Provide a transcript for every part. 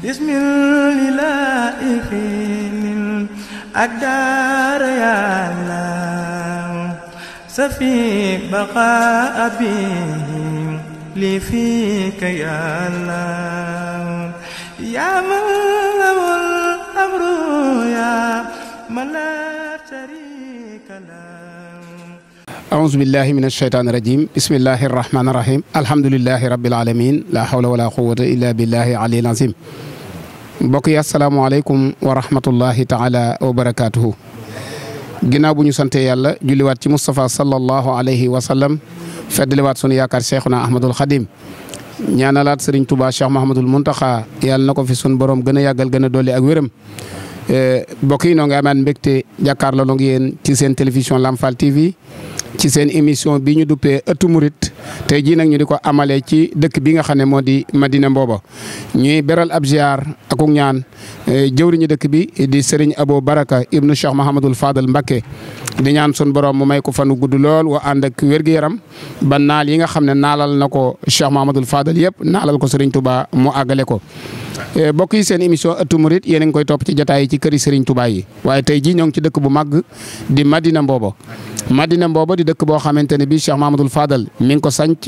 bismillahi xiinil ak daara yàllaw safi baqa abihim li fiika yàllaw yaa man lahul amru yaa man laa sharika lahu aouzu billahi min ashaytaani rajim bismillahi arrahmaani arrahim alhamdulillahi rabbil alamin la hawla wala quwwata illa billahi aliyil azim mbokk yi asalaamaaleykum wa rahmatullahi taala wa barakaatuhu. ginnaaw bu ñu santee yàlla julliwaat ci Moustapha sallallahu alayhi wa sallam feddliwaat sunu yaakaar na Ahmadul Xadim ñaanalaat Serigne Touba Cheikh Mahamadul Muntaxa yàlla na ko fi sun borom gën a yàggal gën a dolli ak wéram. Eh, mbokk yi noo ngi amaat mbégte jàkkaarloo ngi yéen ci seen télévision Lamfal TV. ci seen émission bi ñu duppee ëttu murit tey jii nag ñu di ko amalee ci dëkk bi nga xam ne moo di Madina Mbooba ñuy beral ab ziar akuk ñaan eh, jëwriñu dëkk bi di sëriñ Abo Baraka ibnu Cheikh Mahamadul Fadal Mbakke di ñaan sun borom mu may ko fanu gudd lool wa ànd ak wér yaram ba naal yi nga xam ne naalal na ko Cheikh Mahamadul Fadal yëpp naalal ko Serigne Touba mu àggale ko. mbokk eh, yi seen émission ëttu murit yéen a ngi koy topp ci jataay yi ci këri Serigne Touba yi waaye tey jii ñoo ngi ci dëkk bu mag di Madina Mbooba di dëkk boo xamante ne bii Cheikh Mahamadoul Fadal mi ngi ko sanc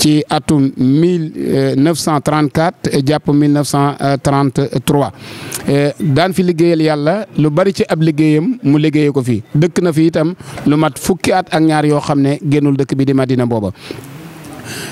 ci atum mille euh, neuf cent trente jàpp mille neuf cent trente euh, daan fi liggéeyal yàlla lu bari ci ab liggéeyam mu liggéeye ko fi dëkk na fi itam lu mat fukki at ak ñaar yoo xam ne génnul dëkk bi di Madina booba.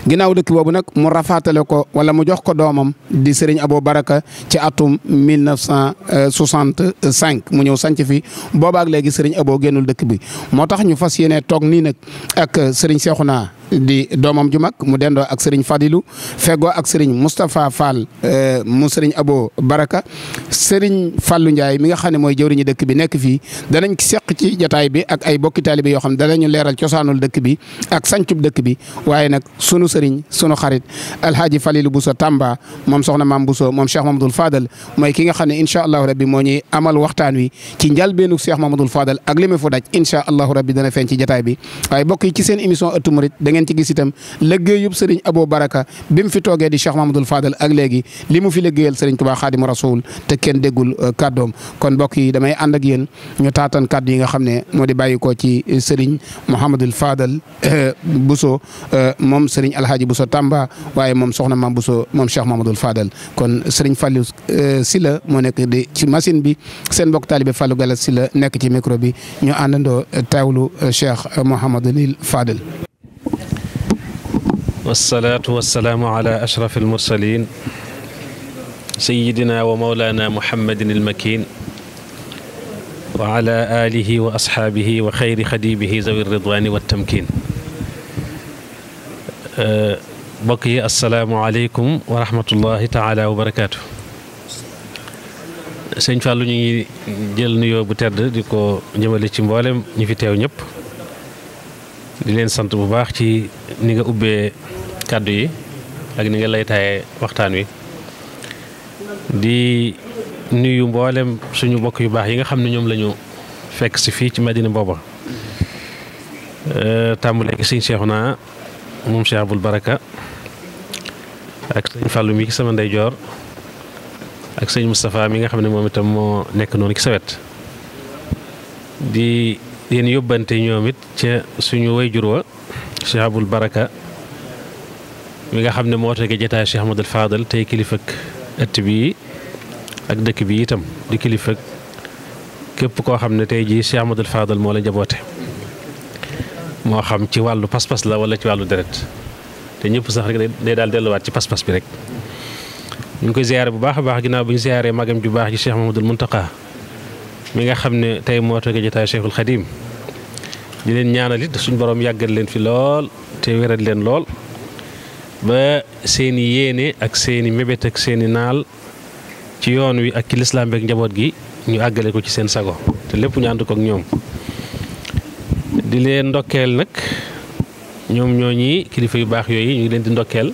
ginnaaw dëkk boobu nag mu rafaatale ko wala mu jox ko doomam di sëriñ aboo Baraka ci atum 1965 mu ñëw sanc fi boobaak léegi sëriñ Abou génnul dëkk bi moo tax ñu fas yéene toog nii nag ak sëriñ Cheikhouna di doomam ju mag mu dendoo ak sëriñ Fadilou feggoo ak sëriñ Moustapha Fall eh, mu sëriñ Abo Baraka sëriñ Fallou Ndiaye mi nga xam ne mooy jëwriñu dëkk bi nekk fii danañ seq ci jataay bi ak ay bokki taalibe yoo xam ne ñu leeral cosaanul dëkk bi ak sancub dëkk bi waaye nag sunu sëriñ sunu xarit Alhaji Falilou Bousso Tamba moom soxna maam Bousso moom Cheikh Mamadou Fadal mooy ki nga xam ne incha allahu rabbi moo ñuy amal waxtaan wi ci njalbeenu Cheikh Mamadou Fadal ak li mu fu daj incha allahu rabbi dana feeñ ci jataay bi waaye bokk yi ci seen émission ëttu murid ngeen ci gis itam lëggéeyub sëriñ Abo Baraka bi mu fi toogee di Cheikh Mamadou Fadal ak léegi li mu fi lëggéeyal sëriñ Tuubaa Xaadimu Rasuul te kenn déggul euh, kàddoom kon mbokk yi damay ànd ak yéen ñu taatan kàddu yi nga xam ne moo di bàyyi ko ci euh, sëriñ Mouhamadul Fadal euh, Bousso moom sëriñ bu so tàmba waaye moom soxna maam Bousso moom Cheikh Mamadou Fadal kon sëriñ Fallou Silla moo nekk di ci machine bi seen mbokk taalibe Fallou Gallas Silla nekk ci micro bi ñu àndandoo teewlu Cheikh Mouhamadul Fadal wasalaatu wasalaamu ala ashraf almursalin sayidina wa maulana muhammadin almakin wa ala alihi wa asxaabihi wa xayri xadiimihi zawi ridwaani wa tamkin mbokk yi asalaamu aleykum wa barakaatu sëñ Fallou ñu ngi jël nuyoo bu tedd di ko jëmale ci mboolem ñu fi teew ñëpp di leen sant bu baax ci ni nga ubbee kàddu yi ak ni nga lay waxtaan wi di nuyu mboolem suñu mbokk yu baax yi nga xam ne ñoom lañu ñu fekk si fii ci Madina booba euh, tàmbalee ki sëñ Cheikhouna moom Cheikh Abul Baraka ak sëñ Fallou mi ci sama ndeyjoor ak sëñ Moustapha mi nga xam ne moom itam moo nekk noonu ci sa di leen yóbbante ñoom it ca suñu way jur wa Cheikh Abul Baraka mi nga xam ne moo tege jataay Cheikh Ahmadul Fadal tey kilifa bi ak dëkk bi itam di kilifa képp koo xam ne tey jii Cheikh Ahmadul Fadal moo la njaboote moo xam ci wàllu pas la wala ci wàllu deret te ñëpp sax rek day daal delluwaat ci pas bi rek. ñu ngi koy ziare bu baax a baax ginnaaw bi ñu ziaree magam ju baax ji Cheikh Mahmadul Muntaqa mi nga xam ne tey moo tege jotaayu di leen ñaanal it suñu borom yàggal leen fi lool te wéral leen lool. ba seeni yéene ak seeni mébét ak seeni naal ci yoon wi ak ci lislaam beeg njaboot gi ñu àggale ko ci seen sago te lépp ñu ànd ak ñoom di leen ndokkeel nag ñoom ñoo ñi kilifa yu baax yooyu ñu ngi leen di ndokkeel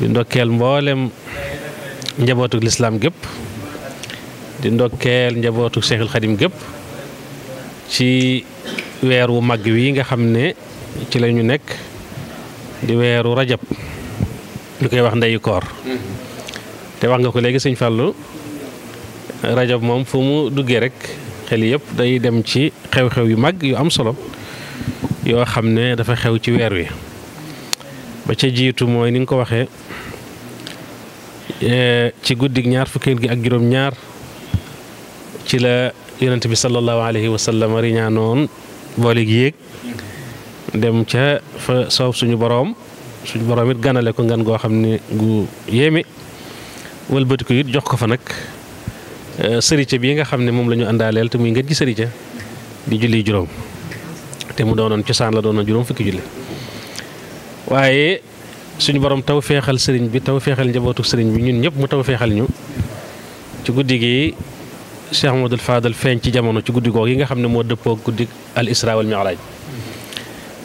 di ndokkeel mboolem njabootuk lislaam gépp di ndokkeel njabootuk Seexul Xadim gépp ci weer wu mag wi nga xam ne ci lañu nekk di weeru rajab ñu koy wax ndeyu koor te wax nga ko léegi sëñ Fallou rajab moom fu mu duggee rek xel yëpp day dem ci xew-xew yu mag yu am solo yoo xam ne dafa xew ci weer wi ba ca jiitu mooy ni nga ko waxee eh, ci guddi ñaar fukkeel gi ak juróom-ñaar ci la yonent bi sallallahu alayhi wa sallam riñaanoon booleeg yéeg dem ca fa soob suñu boroom suñu boroom it ganale ko ngan goo xam ne gu yéeme wëlbati ko it jox ko fa nag e, sërica bii nga xam ne moom la ñu àndaaleel te muy ngeen ci sërica di julli juróom te mu doon cosaan la doonoon juróom fukki julli waaye suñu borom taw feexal sëriñ bi taw feexal njabootu sëriñ bi ñun ñëpp mu taw feexal ñu ci guddi gi Cheikh Modou Fadal feeñ ci jamono ci guddi googu yi nga xam ne moo dëppoo guddi al isra wal mi'raj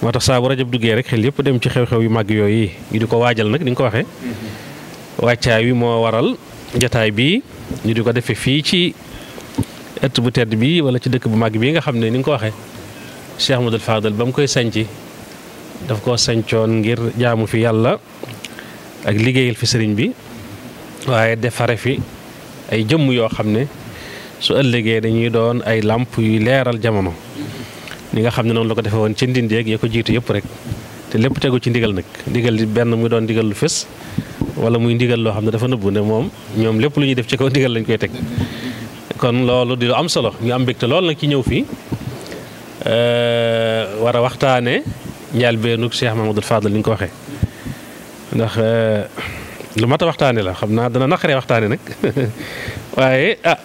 moo tax saa bu rajab duggee rek xel yëpp dem ci xew-xew yu màgg yooyu ñu di ko waajal nag ni ko waxee wàccaay wi moo waral jataay bii ñu di ko defee fii ci ëtt bu tedd bi wala ci dëkk bu màgg bii nga xam ne ni nga ko waxee Cheikh Modou Fadal ba mu koy sañci daf koo sañcoon ngir jaamu fi yàlla ak liggéeyal fi sëriñ bi waaye defare fi ay jëmm yoo xam ne su ëllëgee dañuy doon ay làmp yuy leeral jamono ni nga xam ne noonu la ko defee woon ci ndindi yeeg ya ko jiitu yëpp rek te lépp tegu ci ndigal nag ndigal li benn muy doon ndigal lu fës wala muy ndigal loo xam ne dafa nëbbu ne moom ñoom lépp lu ñuy def ci kaw ndigal lañ koy teg kon loolu di lu am solo ñu am bég te loolu nag ci ñëw fii euh, war a waxtaane njaal beenug Cheikh Mamadou Fadal li nga ko waxee ndax euh, lu mat a waxtaane la xam naa dana naqaree waxtaane nag waaye ah,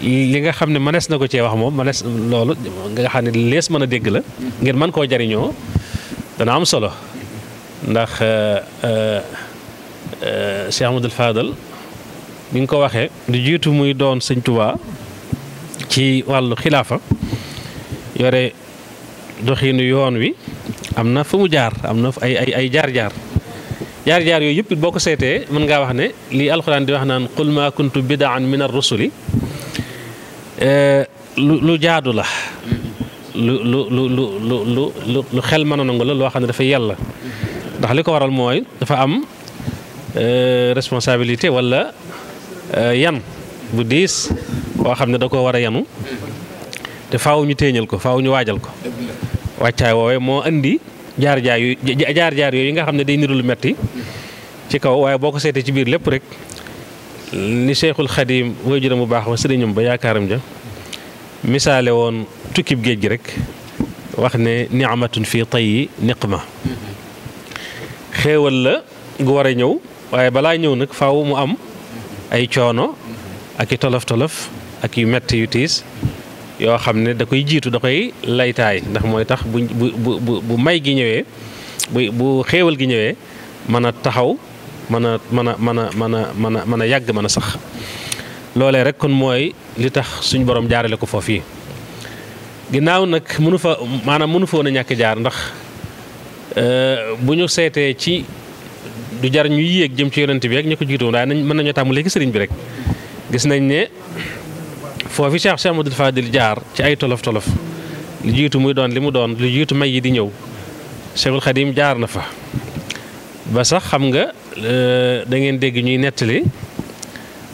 li nga xam ne mënees na ko cee wax moom mënees loolu nga xam ne lees mën a dégg la ngir man koo jariñoo dana am solo ndax euh, euh, euh, Cheikh Ahmadul Fadal ni nga ko waxee lu jiitu muy doon sëñ ci wàllu xilaafa yore doxiinu yoon wi am na fu mu jaar am na ay ay ay jaar-jaar jaar-jaar yooyu yëpp boo ko seetee mën ngaa wax ne lii alxuraan di wax naan qul maa kuntu bidaan min ar Eh, lu lu jaadu la. lu lu lu lu lu lu xel mën a nangu la loo xam ne dafa yàlla ndax li ko waral mooy dafa am eh, responsabilité walla eh, yan bu diis boo xam ne da ko war a yanu te faw ñu téeñal ko faw ñu waajal ko wàccaay woowee moo indi jaar jaar yu jaar jaar yooyu nga xam ne day niru lu metti ci kaw waaye boo ko seetee ci biir lépp rek ni Cheikhul Khadim wayjuram bu baax wa sëriñam ba yaakaaram ja misaale woon tukkib géej gi rek wax ne ni'matun fii tayyi ma xéewal la gu war a ñëw waaye balaa ñëw nag faw mu am ay coono ak i tolof tolof ak yu metti yu tiis yoo xam ne da koy jiitu da koy laytaay ndax mooy tax bu bu may gi ñëwee bu bu xéewal gi ñëwee mën a taxaw mën a mën a mën a mën a mën a mën a yàgg mën a sax loolee rek kon mooy li tax suñu borom jaarale ko foofu yi ginnaaw nag mënu fa maanaam mënu fa woon a ñàkk jaar ndax euh, bu ñu seetee ci du jar ñu yéeg jëm ci yonent bi rek ñu ko jiitoon waaye nañ mën nañoo tàmbalee ci sëriñ bi rek gis nañ ne foofu Cheikh Cheikh Amadou Fadil jaar ci ay tolof tolof lu jiitu muy doon li mu doon lu jiitu may yi di ñëw Cheikhul Khadim jaar na fa ba sax xam nga euh, da ngeen dégg ñuy nettali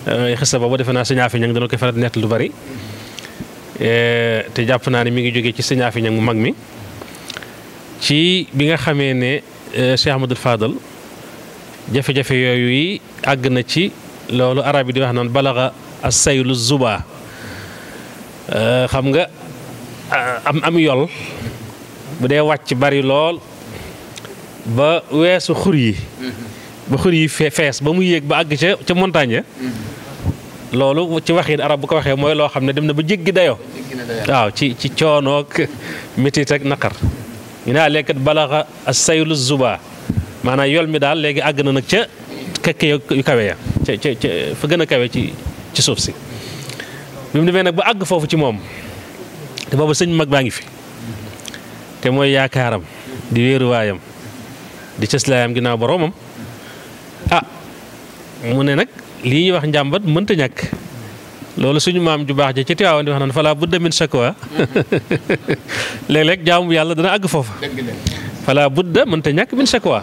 euh, xista boobu defe naa sëñ Afi Ñang dana ko faral di nettali lu bari euh, te jàpp naa ne mi ngi jógee ci sëñ Afi mu mag mi ci bi nga xamee ne Cheikh Ahmadul Fadal jafe-jafe yooyu yi àgg na ci loolu arab yi di wax naan balaxa asaylu zuba xam nga am am yol bu dee wàcc bari lool ba weesu xur yi mm-hmm. ba xur yi fees ba mu yéeg ba àgg ca ca montagne mm-hmm. loolu ci waxin arab bu ko waxee mooy loo xam ne dem na ba jéggi dayoo waaw ci ci coonoog métit ak naqar ñu ne lekkat balaxa saylu zuba maanaam yool mi daal léegi àgg na nag ca kekke yu kawe ya ca ca fa gën a kawe ci ci suuf si bi mu demee nag ba àgg foofu ci moom te booba sëñ mag baa ngi fi te mooy yaakaaram di wéeruwaayam di cëslaayam ginnaaw boroomam ah mu ne nag lii ñuy wax njàmbat mënta ñàkk loolu suñu maam ju baax ja ci Tiwaawan di wax naan fala budda min shakwa léeg-léeg yàlla dana àgg foofa fala budda mënta ñàkk min shakwa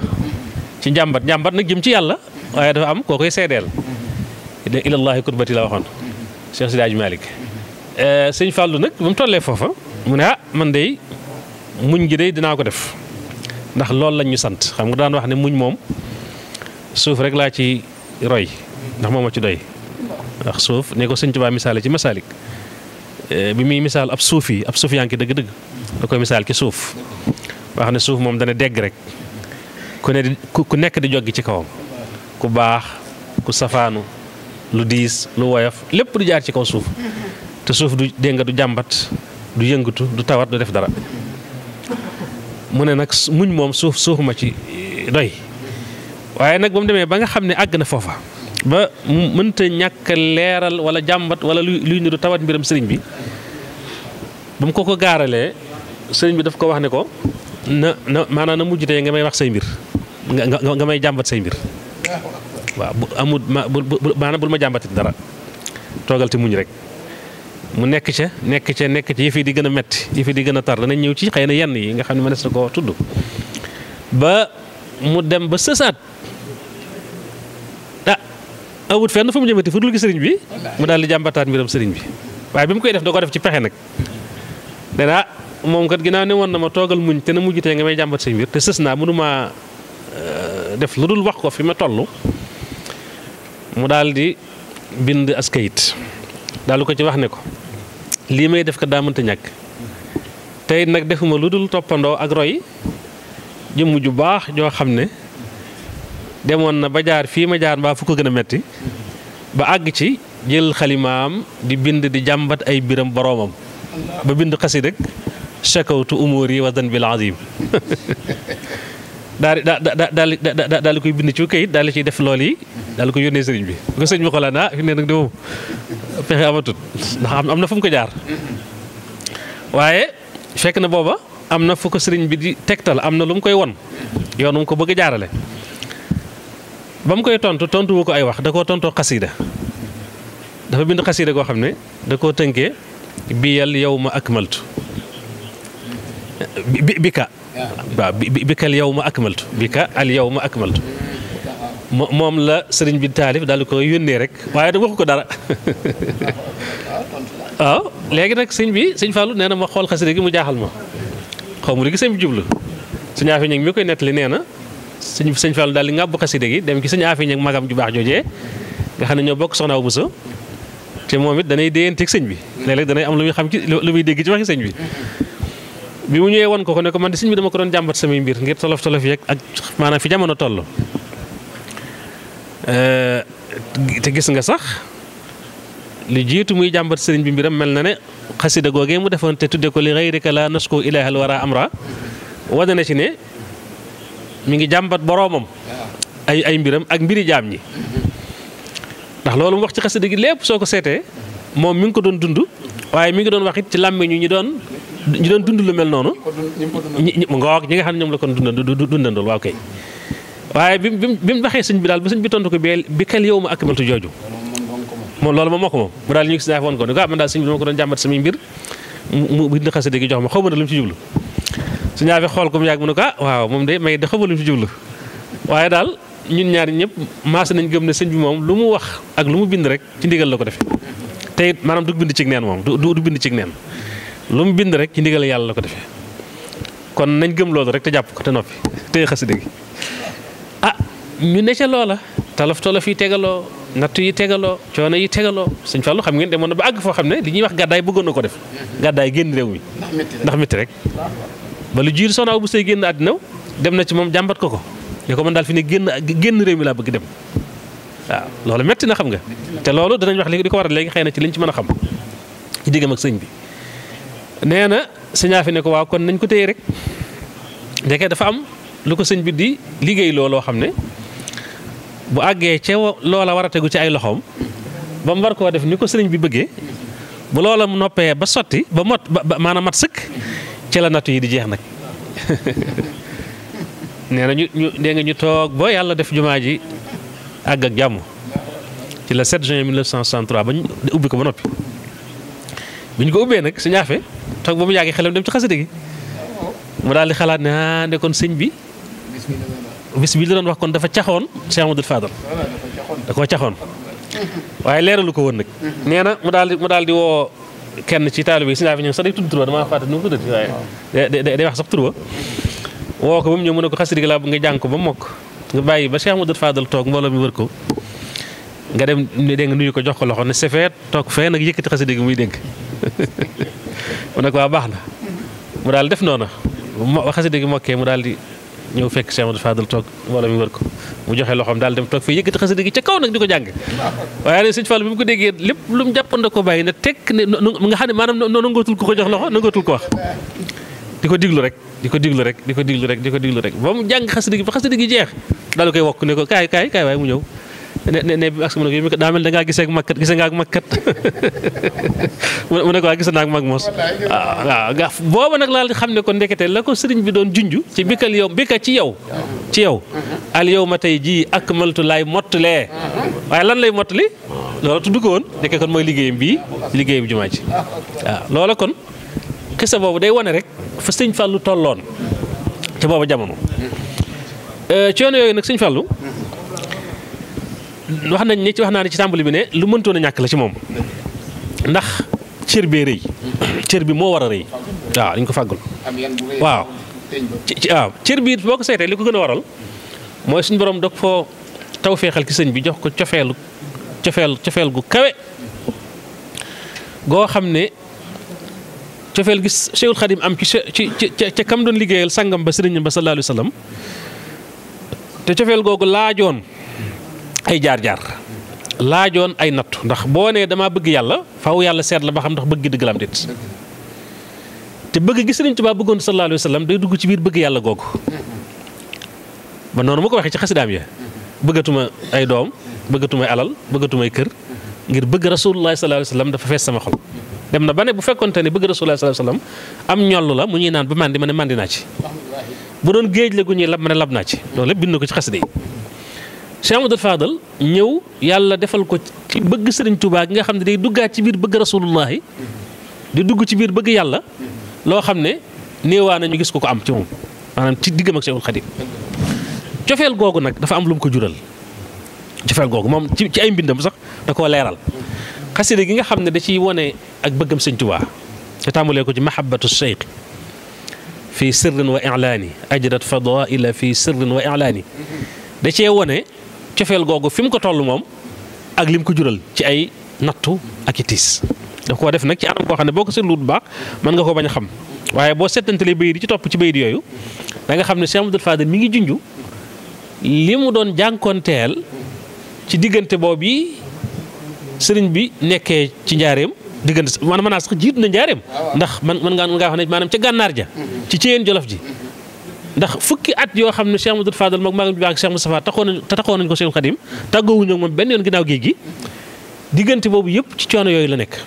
ci njàmbat njàmbat nag jëm ci yàlla waaye dafa am koo koy seedeel de ilallaahi kurbati la waxoon Cheikh Sidi eh, sëñ Fallou nag ba mu tollee foofa mu ne ah man dey muñ gi dey dinaa ko def ndax loolu lañ ñu sant xam nga daan wax ne muñ moom suuf rek laa ci roy ndax moom a ci doy ndax suuf ne ko sëñ Tuubaa misaale ci masaalik eh, bi muy misaal ab suuf yi ab suuf yaa ngi dëgg-dëgg da koy misaal ci suuf wax ne suuf moom dana dégg rek ku ne nekk di joggi ci kawam ku baax ku safaanu lu diis lu woyof lépp di jaar ci kaw suuf te suuf du dégg nga du jàmbat du yëngatu du tawat du def dara mu ne nag muñ moom suuf suufu ma ci eh, doy waaye nag ba mu demee ba nga xam ne àgg na foofa ba mënta ñàkk leeral wala jàmbat wala luy luy niru tawat mbiram sëriñ bi ba mu ko ko gaaralee sëriñ bi daf ko wax ne ko na na maanaam na mujj tey nga may wax say mbir nga nga may jàmbat say mbir waaw bu amul ma bu bul ma jàmbatit dara toogal te muñ rek. mu nekk ca nekk ca nekk ca yëf yi di gën a metti yëf di gën a tar danañ ñëw ci xëy na yenn yi nga xam ne mënees na koo tudd ba mu dem ba sësaat ah awut fenn fu mu jëmati fu dul gi sëriñ bi mu daal di jàmbataat mbiram sëriñ bi waaye bi mu koy def da ko def ci pexe nag danaa ah, moom kat ginnaaw ne woon na ma toogal muñ te na mujj tee nga may jàmbat say mbir te sës naa mënumaa euh, def lu dul wax ko fi ma toll mu daal di bind askayit daal ko ci wax ne ko lii may def ko daa mënta ñàkk tey nag defuma lu dul toppandoo ak roy jëmm ju baax joo xam ne demoon na ba jaar fii ma jaar mbaa fu ko gën a metti ba àgg ci jël xalimaam di bind di jàmbat ay biram boroomam ba bind xasi rek chakawtu umur yi wa dan azim daal di daal di daal di koy bind ci kayit daal di ciy def lool yi daal di ko yónnee sëriñ bi bu ko sëriñ bi xoolaan ah fi mu ne nag de moom pexe amatut ndax am na fu mu ko jaar. waaye fekk na booba am na fu ko sëriñ bi di tegtal am na lu mu koy won yoonu mu ko bëgg a jaarale. ba mu koy tontu tontu wu ko ay wax da koo tontoo xasiida dafa bind xasiida koo xam ne da koo tënkee biyal yow ma akmaltu bi bi ka waaw bi bi ka al yawma akmaltu bi ka al yawma akmaltu moom la sëriñ bi taalif daal di ko yónnee rek waaye da waxu ko dara waaw ah, léegi nag sëñ bi sëñ Fallou nee na ma xool xasida gi mu jaaxal ma xaw ma lu gi sëñ bi jublu sëñ Afi mi koy nettali nee na sëñ sëñ Fallou daal di ŋàbbu xasida gi dem ci sëñ Afi Ñaŋ magam ju baax joojee nga xam ne ñoo bokk soxna Awa Bousso te moom it danay déyanteeg sëñ bi léeg-léeg danay am lu muy xam ci lu muy dégg ci waxi sëñ bi mu ñëwee woon ko ko ne ko man de sëñ bi dama ko doon jàmbat samay mbir ngir tolof tolof yeeg ak maanaam fi jamono toll. Eh, te gis nga sax lu jiitu muy jàmbat sëriñ bi mbiram mel na ne xasida googee mu defoon te tudde ko li xayrika la nasku ilaahal wara amra wane na ci ne mi ngi jàmbat boroomam ay ay mbiram ak mbiri jaam ñi ndax loolu mu wax ci xasida gi lépp soo ko seetee moom mi ngi ko doon dund waaye mi ngi doon wax it ci làmmiñu ñi doon ñu doon dund lu mel noonu. ñi mu ngoog ñi nga xam ne ñoom la kon dundandoo dundandoo waaw kay. waaye bi bi bi mu waxee sëñ bi daal ba sëñ bi tontu ko bee bi kal yow ma akmaltu jooju. moom ko moom daal ñu ngi si woon ko ni ko ah man daal sëñ bi dama bind xasida gi jox ma xaw ma na lu mu ci jublu. su ñaafi xool ko mu yàgg mu ne ah, waaw moom de may de xaw ma lu mu ci jublu waaye daal ñun ñaar ñëpp maase nañ gëm ne sëñ bi moom lu mu wax ak lu mu bind rek ci ndigal la ko defe te it maanaam du bind cig neen moom du bind cig neen lu mu bind rek ci ndigal yàlla la ko defe kon nañ gëm loolu rek te jàpp ko te noppi te xasida gi ah ñu ne ca loola tolof tolof yi tegaloo natt yi tegaloo coono yi tegaloo sëñ Fallou xam ngeen demoon na ba àgg foo xam ne li ñuy wax gàddaay bëggoon ko def gàddaay génn réew mi ndax métti rek ba jiir Soxna Awa Buso génn àddina dem na ci moom jàmbat ko ko ne ko man daal fi ne génn génn réew mi laa bëgg dem waaw loolu metti na xam nga te loolu danañ wax léegi di ko waral léegi xëy na ci lañ ci mën a xam ci diggam ak sëñ bi nee na sëñ Afi ne ko waaw kon nañ ko téye rek ndeke dafa am lu ko sëñ bi di liggéey looloo xam ne bu àggee ca loola war a tegu ci ay loxoom ba mu war koo def ni ko sëriñ bi bëggee bu loola mu noppee ba sotti ba mot ba maanaam mat sëkk ci la nattu yi di jeex nag nee na ñu ñu dégg nga ñu toog ba yàlla def jumaa ji àgg ak jàmm ci la 7 juin 1963 ba ñu ubbi ko ba noppi bi ñu ko ubbee nag su toog ba mu yàgg xelam dem ci xasida gi mu daal di xalaat ne ah kon sëñ bi bis bi la doon wax kon dafa caxoon Cheikh Amadou Fadal da koo caxoon waaye leeralu ko woon nag nee na mu daal di mu daal di woo kenn ci taalibe bi si naa fi ñëw sax day tudd tur ba damaa fàtte nu mu tuddati waaye day wax sax tur ba woo ko ba mu ñëw mu ne ko xasida gi laa nga jàng ko ba mokk nga bàyyi ba Cheikh Amadou Fadal toog mbooloo mi wër ko nga dem dégg nga nuyu ko jox ko loxo ne sefeet toog fee nag yëkkati xasida gi muy dégg mu ne ko waa ah, baax na mu daal def noona mo xasida gi mokkee mu daal di ñëw fekk Cheikh Amadou Fadal toog mbooloo mi wër ko mu joxe loxoom daal dem toog fii yëkkati xasida gi ca kaw nag di ko jàng waaye nag sëñ Fall bi mu ko déggee lépp lu mu jàppoon da ko bàyyi ne tekk ne nga xam ne maanaam nangootul ko ko jox loxo nangootul ko wax di ko diglu rek di ko diglu rek di ko diglu rek di ko diglu ba mu jàng xasida gi ba xasida gi jeex daal di koy wokk ne ko kaay kaay waaye mu ne ne ne ak mu ne ko daa mel da ngaa gisee ak mag kat nga ak mag kat mu ne ko waa gis naa ak mag mos. Ah, waaw nag laa xam ne ko ndekete la ko sëriñ bi doon junj. ci bikkal yow bikka ci yow. ci yow al yow ma tey jii ak maltu laay mottalee. waaye lan lay mottali. loolu tudd ko woon nekkee kon mooy liggéeyam bii liggéeyam jumaa ji waaw ah, loola kon kese boobu day wone rek fa sëñ Fallou tolloon ca booba jamono. Eh, ci yoon yooyu nag sëñ Fallou. wax nañ ni ci wax naa ne ci tàmbali bi ne lu mëntoon ñàkk la ci moom ndax cër bee rëy cër bi moo war a rëy waaw dañ ko fàggul waaw cër bi boo ko seetee li ko gën a waral mooy suñ boroom dog foo taw feexal ki sëñ bi jox ko cofeelu cofeel cofeel gu kawe goo xam ne cofeel gi Cheikhul Khadim am ci ci ca kam doon liggéeyal sangam ba sëriñam ba sallallahu alayhi wa sallam te cofeel googu laajoon ay jaar-jaar laajoon ay nattu ndax boo nee damaa bëgg yàlla faw yàlla seet la ba xam ndax bëgg gi dëgg la am te bëgg gi Sëriñ Tuubaa bëggoon sallallahu alayhi wa sallam day dugg ci biir bëgg yàlla googu ba noonu mu ko waxee ci xasidaam ya bëggatuma ay doom bëggatumay alal bëggatumay kër ngir bëgg rasulullah sallallahu alayhi wa sallam dafa fees sama xol dem na ba ne bu fekkonte ne bëgg rasulullah sallallahu alayhi wa am ñollu la mu ñuy naan ba màndi ma ne màndi naa ci bu doon géej la gu ñuy lab ma ne lab naa ci loolu lépp bind ko ci xasida yi Cheikh Amadou Fadal ñëw yàlla defal ko ci bëgg Sëriñ tubaa gi nga xam ne day duggaat ci biir bëgg rasulullahi di dugg ci biir bëgg yàlla loo xam ne néewaa nañu gis ko ko am ci moom maanaam ci diggam ak Cheikhul Khadim cofeel googu nag dafa am lu mu ko jural cofeel googu moom ci ci ay mbindam sax da koo leeral xasida gi nga xam ne da ciy wone ak bëggam Sëriñ Tuubaa te tàmbalee ko ci mahabbatu Cheikh fi sirrin wa ilaani ajrat fadaila fi sirrin wa ilaani da cofeel googu fi mu ko toll moom ak lim ko jural ci ay nattu ak i tiis daf koo def nag ci anam koo xam ne boo ko seetlu bu baax mën nga ko bañ a xam waaye boo seetantalee bayit yi ci topp ci bayit yooyu da nga xam ne Cheikh Abdoul Fadel mi ngi junj li mu doon jànkoonteel ci diggante boobu yi sëriñ bi nekkee ci njaareem diggante man mën naa sax jiit na njaareem ah, ndax man man ngaa mën ngaa xam ne maanaam ca gànnaar ja ci ceyeen jolof ji ndax fukki at yoo xam ne Cheikh Amadou Fadal moom Maguette Ba ak Cheikh Moustapha taxoon ko Cheikh Khadim tàggoowuñu ak moom benn yoon ginnaaw géej gi diggante boobu yëpp ci coono yooyu la nekk.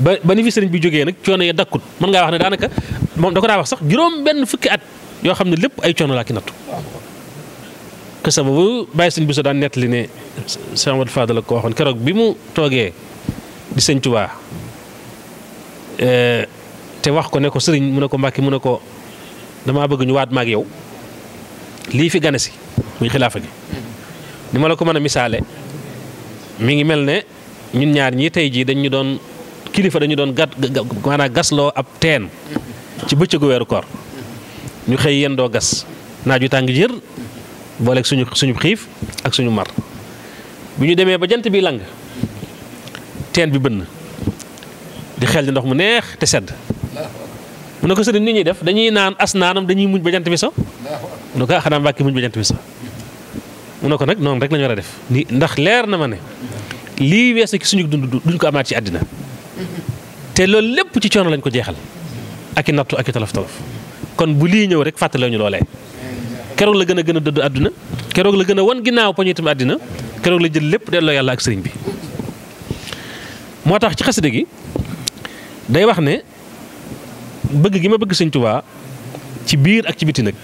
ba ba bi jógee nag coono ya dakkut mën ngaa wax ne daanaka moom da ko daa wax sax juróom benn fukki at yoo xam ne lépp ay coono laa ki nattu. que sababu bàyyi sëñ Bousso daan nettali ko waxoon keroog bi mu toogee di sëñ Tuubaa eh, te wax ko ne ko sëriñ mu ne ko Mbàkke mu ne ko. damaa bëgg ñu waat maag yow lii fi gane si muy xilaafa gi ni ma la ko mën a misaale mi ngi mel ne ñun ñaar ñii tey jii dañu doon kilifa dañu doon gat maanaam gasloo ab teen ci bëccëgu weeru koor ñu xëy yendoo gas naaju tàng jër boole suñu suñu xiif ak suñu mar bu ñu demee ba jant bi lang teen bi bënn di xel di ndox mu neex te sedd na ko sëriñ ñuy def dañuy naan as naanam dañuy muñ ba jant bi so mu ne ko ah, xanaa mbàkki muñ ba jant bi mu ne ko nag noonu rek la ñu war a def ni ndax leer na ma ne lii weesu ci suñu dund duñ ko amaat ci àddina te loolu lépp ci coono lañ ko jeexal ak i nattu ak i tolof tolof kon bu lii ñëw rek fàttalewu ñu loolee keroog la gën a gën a dëdd àdduna keroog la gën a wan ginnaaw poñu itam àddina keroog la jël lépp delloo yàlla ak sëriñ bi moo tax ci xasida gi day wax ne bëgg gi ma bëgg sëñ Tuubaa ci biir ak ci biti nag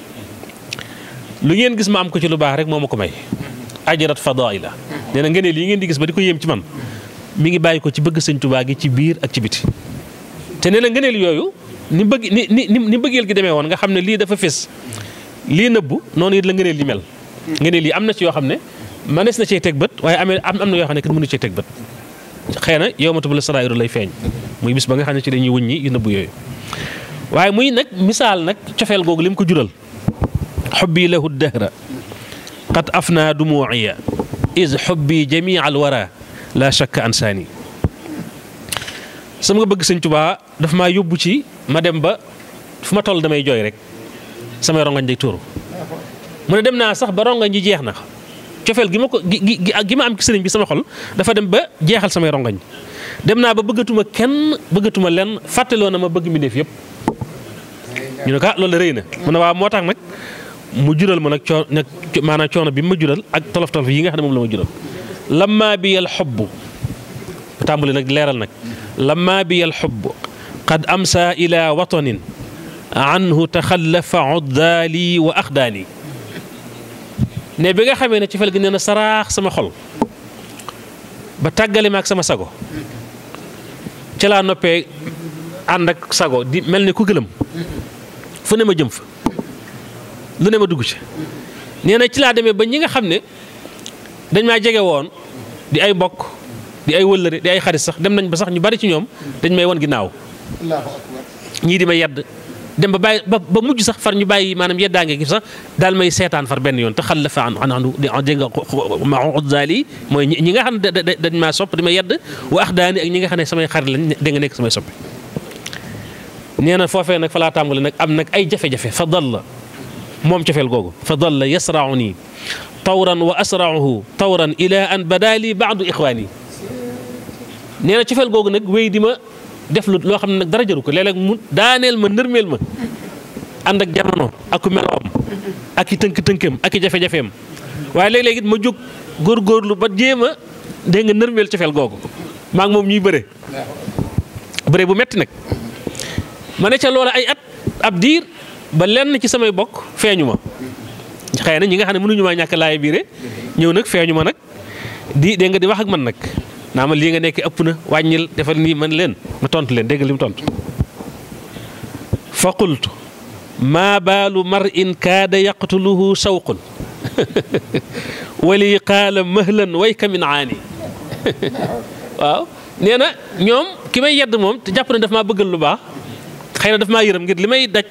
lu ngeen gis ma am ko ci lu baax rek moo ma ko may ajarat fadaila nee na ngeen lii ngeen di gis ba di ko yem ci man mi ngi bàyyi ko ci bëgg sëñ tubaa gi ci biir ak ci biti te nee na ngëneel yooyu ni bëgg ni ni ni bëggeel gi demee woon nga xam ne lii dafa fés lii nëbbu noonu it la ngëneel li mel ngëneel yi am na ci yoo xam ne mënees na cee teg bët waaye amee am am na yoo xam ne kenn mënu cee teg bët xëy na yow ma tubal saraayiru lay feeñ muy bis ba nga xam ne ci dañuy wëññi yu nëbbu yooyu waaye muy nag misaal nag cofeel googu lim ko jural xubbi lahu dahra qad afna dumuuciya is xubbi jamii alwara la shakka ansaani sama nga bëgg sëñ Tuubaa daf maa yóbbu ci ma dem ba fu ma toll damay jooy rek samay rongañ dey tuuru mu ne dem naa sax ba rongañ ji jeex na cofeel gi ma ko gi gi ma am ci sëriñ bi sama xol dafa dem ba jeexal samay rongañ dem naa ba bëggatuma kenn bëggatuma lenn fàttaloo na ma bëgg mbindéef yëpp ñu ne ko ah loolu de rëy na mu ne waaw moo tax nag mu jural ma nag coo coono bi ma jural ak tolof tolof yi nga xam ne moom la ma jural lammaa bi yal xobb tàmbali nag leeral nag lammaa bi yal xobb qad amsa ila watanin anhu taxallafa oddaali wa axdaali ne bi xamee ne ci fel gi nee saraax sama xol ba tàggale ma sama sago ci laa noppee ànd sago mel ni ku gëlëm fu ne ma jëm fa lu ne ma dugg ci nee na ci laa demee ba ñi nga xam ne dañ maa jege woon di ay bokk di ay wëllëre di ay xarit sax dem nañ ba sax ñu bari ci ñoom dañ may woon ginnaaw ñii di ma yedd dem ba bàyyi ba mujj sax far ñu bàyyi maanaam yeddaange gi sax daal may seetaan far benn yoon te xal la fa an andu dégg nga ma zaali mooy ñi nga xam ne dañ maa sopp di ma yedd wa ax daani ak ñi nga xam ne samay xarit lañ da nga nekk samay soppi nee na foofee nag fa laa tàmbali nag am nag ay jafe-jafe fa dalla moom cofeel googu fa dalla yasrau nii tawran wa asrauhu tawra ila an badaali baadu ixwaani nee na cofeel nag wéy di ma def loo xam ne nag dara jaru ko léeg-léeg mu daaneel ma nërmeel ma ànd ak jamono ak meloom ak i tënk-tënkam ak i jafe-jafeem waaye léeg-léeg it ma jóg góorgóorlu ba jéem a dégg nga nërmeel cofeel googu maa ngi moom ñuy bëre bëre bu metti nag ma ne ca loola ay at ab diir ba lenn ci samay bokk feeñu ma xëy na ñi nga xam ne mënuñu maa ñàkk laay biire ñëw nag feeñu ma nag di dégg nga di wax ak man nag naa ma lii nga nekk ëpp na wàññil defal nii man leen ma tontu leen dégg li mu tontu fa qultu maa baalu mar in kaada yaqtuluhu shawqun wali qaala mahlan wayka min aani waaw nee na ñoom ki may yedd moom te jàpp na daf maa bëggal lu baax xëy na daf maa yërëm ngir li may daj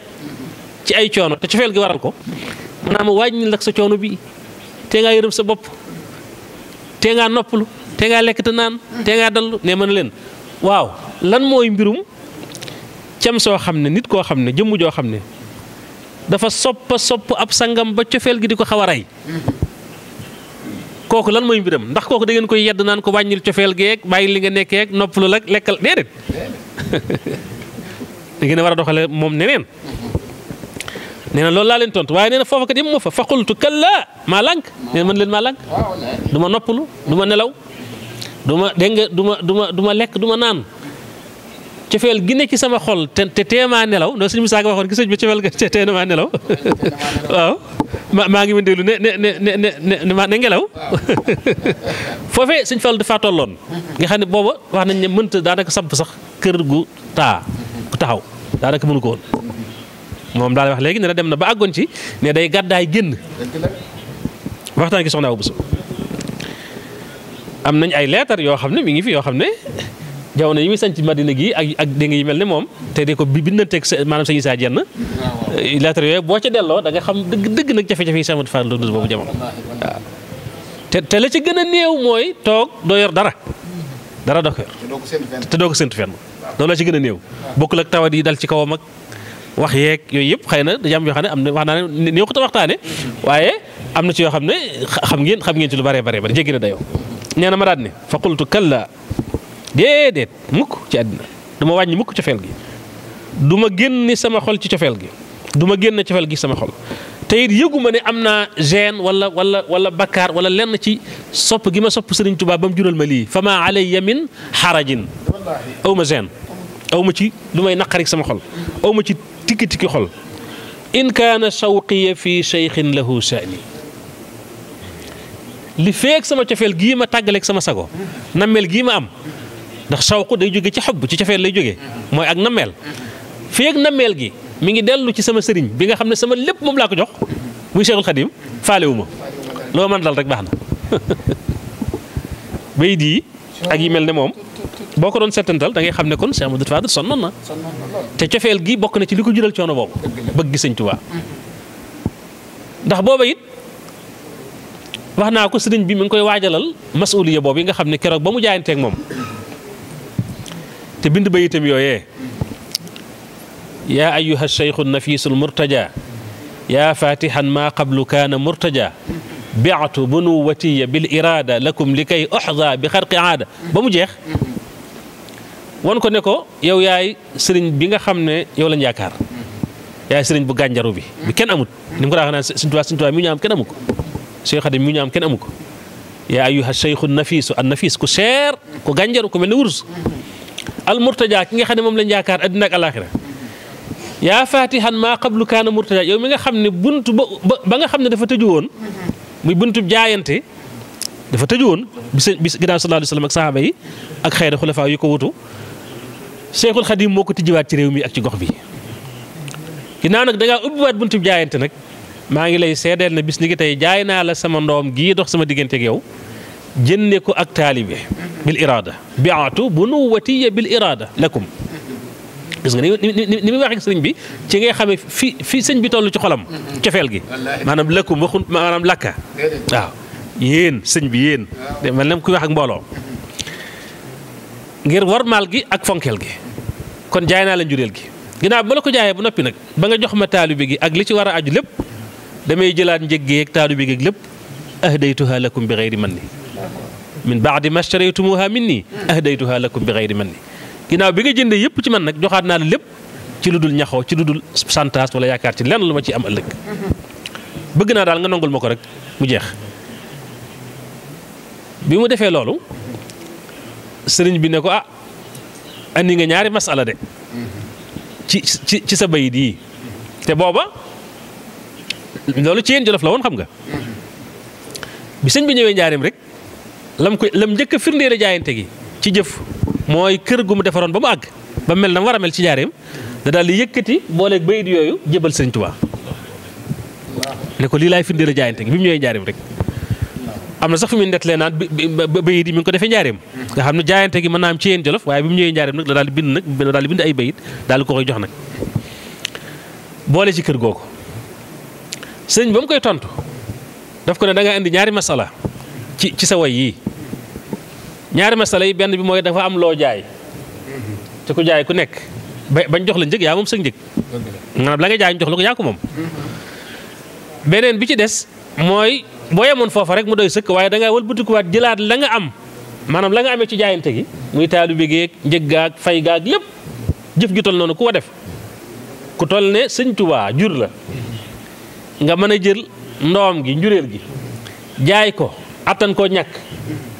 ci ay coono te cofeel gi waral ko maanaam wàññil nag sa coono bi tee ngaa yërëm sa bopp tee ngaa noppalu tee ngaa lekk te naan tee ngaa dallu ne mën leen waaw lan mooy mbirum cem soo xam ne nit koo xam ne jëmm joo xam ne dafa soppa sopp ab sangam ba cofeel gi di ko xaw a rey kooku lan mooy mbiram ndax kooku da koy yedd naan ko wàññil cofeel geeg bàyyi li nga nekkeeg noppalu la lekkal déedéet da ngeen a war a doxale moom neneen nee na loolu laa leen tontu waaye nee na foofa kat yëpp ma fa faqultu kalla maa lànk nee mën leen maa lànk du ma noppalu du ma nelaw du ma dégg nga du ma du du ma lekk duma naan cofeel gi ne ci sama xol te te teemaa nelaw ndax suñu misaaka waxoon gis nañu ba cofeel ma maa ngi mën déglu ne ne ne ne ne ne ngelaw foofee suñ fal dafaa tolloon nga xam ne booba wax nañ ne mënta daanaka samp sax kër gu taa gu taxaw. daanaka mënu ko woon moom daal wax léegi ne dem na ba àggoon ci ne day gàddaay génn waxtaan ki soxna Awa Bousso am nañ ay leetar yoo xam ne mu ngi fi yoo xam ne jamono yi muy sanc Madina gi ak ak dégg yi mel ni moom te de ko bi bindanteeg maanaam sëñ saa jenn leetar yooyu boo ca delloo da nga xam dëgg dëgg nag jafe-jafe yi samat faal dund boobu jamono waaw te te la ci gën a néew mooy toog doo yor dara dara doo ko te doo ko séntu fenn loolu la ci gën a néew bokkul ak tawa yi dal ci kawam ak wax yeeg yooyu yëpp xëy na dañu yoo xam ne am na wax naa ne néew ko ta waxtaane waaye am na ci yoo xam ne xam ngeen xam ngeen ci lu bare bare bare jéggi na dayoo nee na ma daat ne fa qultu kalla déedéet mukk ci àddina du wàññi mukk cofeel gi du ma génni sama xol ci cofeel gi du ma génn cofeel gi sama xol te it ne am naa gêne wala wala wala bakkaar wala lenn ci sopp gi ma sopp Sëriñ Tuubaa ba mu jural ma lii fama alayya min xarajin aw ma gêne aw ma ci du may naqari sama xol aw ma ci tikki tikki xol in kaana shawqiya fi cheikhin lahu sha'ni li feek sama cofeel gii ma tàggaleeg sama sago nameel gii ma am ndax sawqu day jóge ci xob ci cofeel lay jóge mooy ak nameel feek nameel gi mi ngi dellu ci sama sëriñ bi nga xam ne sama lépp moom laa ko jox muy Cheikhul Khadim faale wu ma loo mën dal rek baax na bayit yi ak yi mel ne moom boo ko doon settantal da ngay xam ne kon Cheikh Amadou Fadil sonnoon na te cofeel gi bokk na ci li ko jural coono boobu bëgg Sëñ Tuubaa ndax booba it wax naa ko sëriñ bi mu ngi koy waajalal masuliya boobu yi nga xam ne keroog ba mu jaayanteek moom te bind bayitam yooyee yaa ayyuha cheikhu nafiisul murtaja yaa fatihan maa qablu kaana murtaja biatu bunuwatiya bil iraada lakum li kay oxda bi xarqi aada ba mu jeex won ko ne ko yow yaay sëriñ bi nga xam ne yow lañ yaakaar yaay sëriñ bu gànjaru bi bi kenn amut ni mu ko daa xanaa Sëriñ Tuubaa Sëriñ Tuubaa mi ñu am kenn amu ko Cheikh Xadim mi ñu am kenn amu ko yaa ayyuha cheikhu nafiisu an nafiis ku seer ku gànjaru ku mel ne wurus al murtaja ki nga xam ne moom lañ yaakaar addina ak alaxira yaa faatihan maa qablu kaana murtaja yow mi nga xam ne buntu ba ba nga xam ne dafa tëju woon muy buntu jaayante dafa tëju woon bis bis ginnaaw sallallahu ak sahaaba yi ak xayra xulafaa yu ko wutu Cheikhul Khadim moo ko tijjiwaat ci réew mi ak ci gox bi ginnaaw nag da ngaa ubbiwaat bi jaayante nag maa ngi lay seedeel na bis ni ngi tey jaay naa la sama ndoom gii dox sama diggante yow jënne ko ak taalibe bil iraada biatu bunuwatiya bil iraada lakum gis nga ni mu muy waxee sëriñ bi ci ngay xamee fi fi sëñ bi tollu ci xolam. cofeel gi maanaam lëkkum waxun maanaam lakka waaw yéen sëñ bi yéen. waaw mel na kuy wax ak mbooloo. ngir wormaal gi ak fonkeel gi kon jaay naa la njureel gi ginnaaw ba la ko jaayee ba noppi nag ba nga jox ma taalibe gi ak li ci war a aju lépp damay jëlaat njëggee ak taalibe gi ak lépp ahdaytuha lakum bi xeyri man ni min baadi ma shtaraytumuha minni ahdaytuha lakum bi xeyri man ni ginnaaw bi nga jëndee yëpp ci man nag joxaat naa la lépp ci lu dul ñaxoo ci lu dul santaas wala yaakaar ci lenn lu am ëllëg bëgg naa daal nga nangul ma ko rek mu jeex bi mu defee loolu sëriñ bi ne ko ah andi nga ñaari masala de ci sa bayit yii te booba loolu ci yéen jolof la woon xam nga bi sëñ bi ñëwee njaarim rek lam ko lam njëkk a firndeere jaayante gi ci jëf mooy kër gu mu defaroon ba mu àgg ba mel na war a mel ci njaareem da daal di yëkkati booleeg bayit yooyu jébal sëñ Tuubaa ne ko lii laay firndeel a jaayante gi bi mu ñëwee njaareem rek. am na sax fu muy nettalee naan bayit yi mu ngi ko defee njaareem nga xam ne jaayante gi ma naam ci yéen jolof waaye bi mu ñëwee njaareem nag la daal di bind nag la daal di ay bayit daal di ko koy jox nag boole ci kër googu sëñ ba mu koy tontu daf ko ne da ngaa indi ñaari masala ci ci sa way ñaari masala yi benn bi mooy dafa am loo jaay ci ku jaay ku nekk ba bañ jox la njëg yaa moom sa njëg maanaam la nga jaay ñu jox la ko yaa ko moom beneen bi ci des mooy boo yemoon foofa rek mu doy sëkk waaye da ngaa wëlbatikuwaat jëlaat la nga am maanaam la nga amee ci jaayante gi muy taalibe geeg njëg gaag fay gaag yëpp jëf ju tol noonu ku ko def ku tol ne sëñtuwaa jur la nga mën a jël ndoom gi njuréel gi jaay ko attan koo ñàkk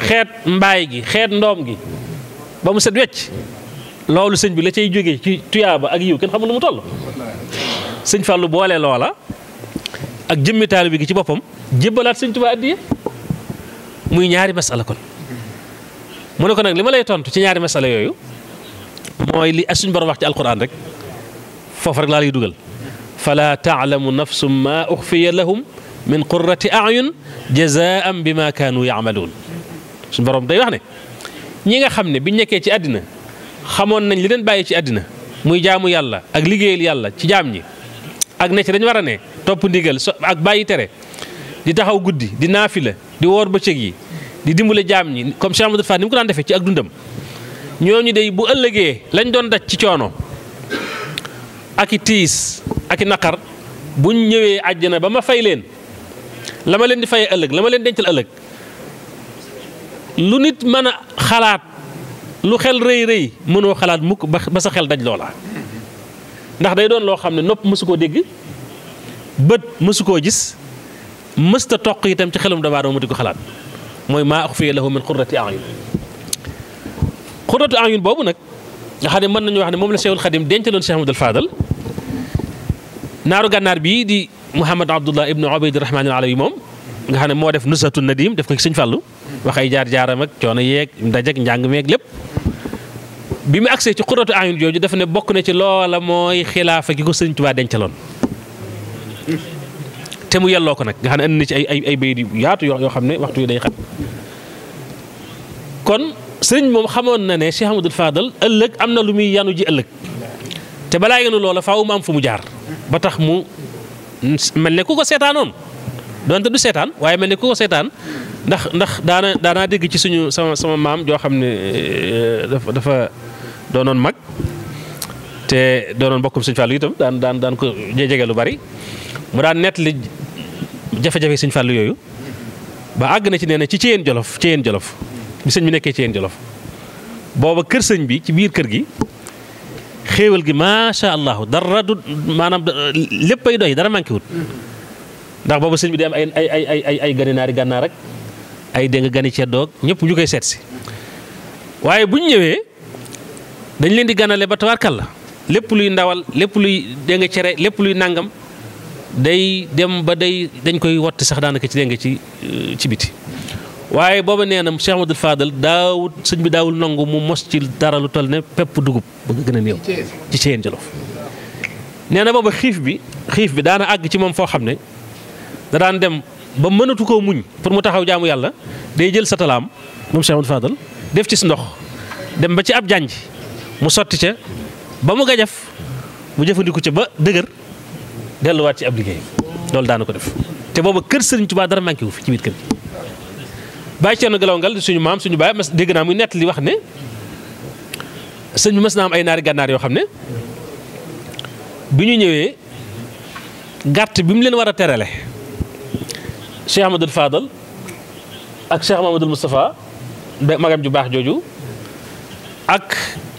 xeet mbaay gi xeet ndoom gi ba mu set wecc loolu sëñ bi la cay jógee ci tuyaaba ak yiw kenn xamul nu mu toll sëñ Fallou boole loola ak jëmmi bi gi ci boppam jébbalaat sëñ Tuubaa addiya muy ñaari masala kon mu ne ko nag li ma lay tontu ci ñaari masala yooyu mooy li suñ borom wax ci alquran rek foofu rek laa lay fala taalamu nafsum ma uxfiya lahum min qurrati ayun jazaan bi ma kaanu yaamaluun suñu borom day wax ne ñi nga xam ne biñ nekkee ci àddina xamoon nañ li leen bàyyi ci àddina muy jaamu yàlla ak liggéeyal yàlla ci jaam ñi ak ne ci dañ war a ne topp ndigal ak bàyyi tere di taxaw guddi di naafila di woor ba bëccëg yi di dimbale jaam ñi comme Cheikh Amadou Fall ni mu ko daan defee ci ak dundam ñooñu day bu ëllëgee lañ doon daj ci coono ak tiis ak i naqar buñ ñëwee àjjana ba ma fay leen lama leen di fayee ëllëg la ma leen dencal ëllëg lu nit mën a xalaat lu xel rëy rëy mënoo xalaat mukk ba sa xel daj loola ndax day doon loo xam ne nopp mësu koo dégg bët mësu koo gis mësta toq tam ci xelum damaa doon mu di ko xalaat mooy maa uxfiya lahu min qurrati ayun qurratu ayun boobu nag nga xam man mën nañu wax ne moom la Cheikhul Xadim dencaloon Cheikh Amadou Fadal naaru gànnaar bii di Mouhamad Abdullah ibnu Ubayd Rahmaan al-Alawi moom nga xam ne moo def nusatu nadim def ko ci sëñ Fallou wax ay jaar jaaram ak coono yeeg ndajek njàng meeg lépp bi mu agsee ci xuratu ayun jooju dafa ne bokk na ci loola mooy xilaafa gi ko sëñ Tuubaa dencaloon te mu yelloo ko nag nga xam ne andi na ci ay ay ay bayit yu yaatu yoo xam ne waxtu yu day xat kon sëñ moom xamoon na ne Cheikh Amadou Fadal ëllëg am na lu muy yanu ji ëllëg te balaa yenu loola am fu mu jaar ba tax mu mel ne ku ko seetaanoon donte du seetaan waaye mel ne ku ko seetaan ndax ndax daana daanaa dégg ci suñu sama sama maam joo xam ne eh, dafa dafa doonoon mag te doonoon bokkum suñ fàllu itam daan daan daan ko jege lu bari mu daan nettali jafe-jafe suñ fàllu yooyu ba àgg na ci nee na ci Ceyeen Jolof Ceyeen Jolof bi sëñ bi nekkee Ceyeen Jolof booba kër sëñ bi ci biir kër gi xéewal gi macha allah dara du maanaam lépp ay doy dara manqué wut ndax boobu sëñ bi day am ay ay ay ay ay gani naari gànnaar rek ay dégg nga gani doog ñëpp ñu koy seet si waaye bu ñu ñëwee dañ leen di ganale ba tawaarkal la lépp luy ndawal lépp luy dégg cere lépp luy nangam day dem ba day dañ koy wotti sax daanaka ci dégg nga ci ci biti. waaye booba nee na Cheikh Amadou Fadal daawut sëñ bi daawul nangu mu mos ci dara lu toll ne pepp dugub bëgg gën a néew ci Ceyeen Jolof nee na booba xiif bi xiif bi daana àgg ci moom foo xam ne da daan dem ba mënatu koo muñ pour mu taxaw jaamu yàlla day jël sa moom Cheikh Amadou Fadal def ci ndox dem ba ci ab jànj mu sotti ca ba mu gajaf mu jëfandiku ca ba dëgër delluwaat ci ab liggéey loolu daana ko def te booba kër Sëriñ Tuubaa dara manqué wu fi ci biir bàyyi Cerno Galaw Ngal suñu maam suñu baay mas dégg naa muy nett li wax ne sëñ bi naa am ay naari gànnaar yoo xam ne bi ñu ñëwee gàtt bi mu leen war a terale Cheikh Amadou Fadal ak Cheikh Mamadou Moustapha magam ju baax jooju ak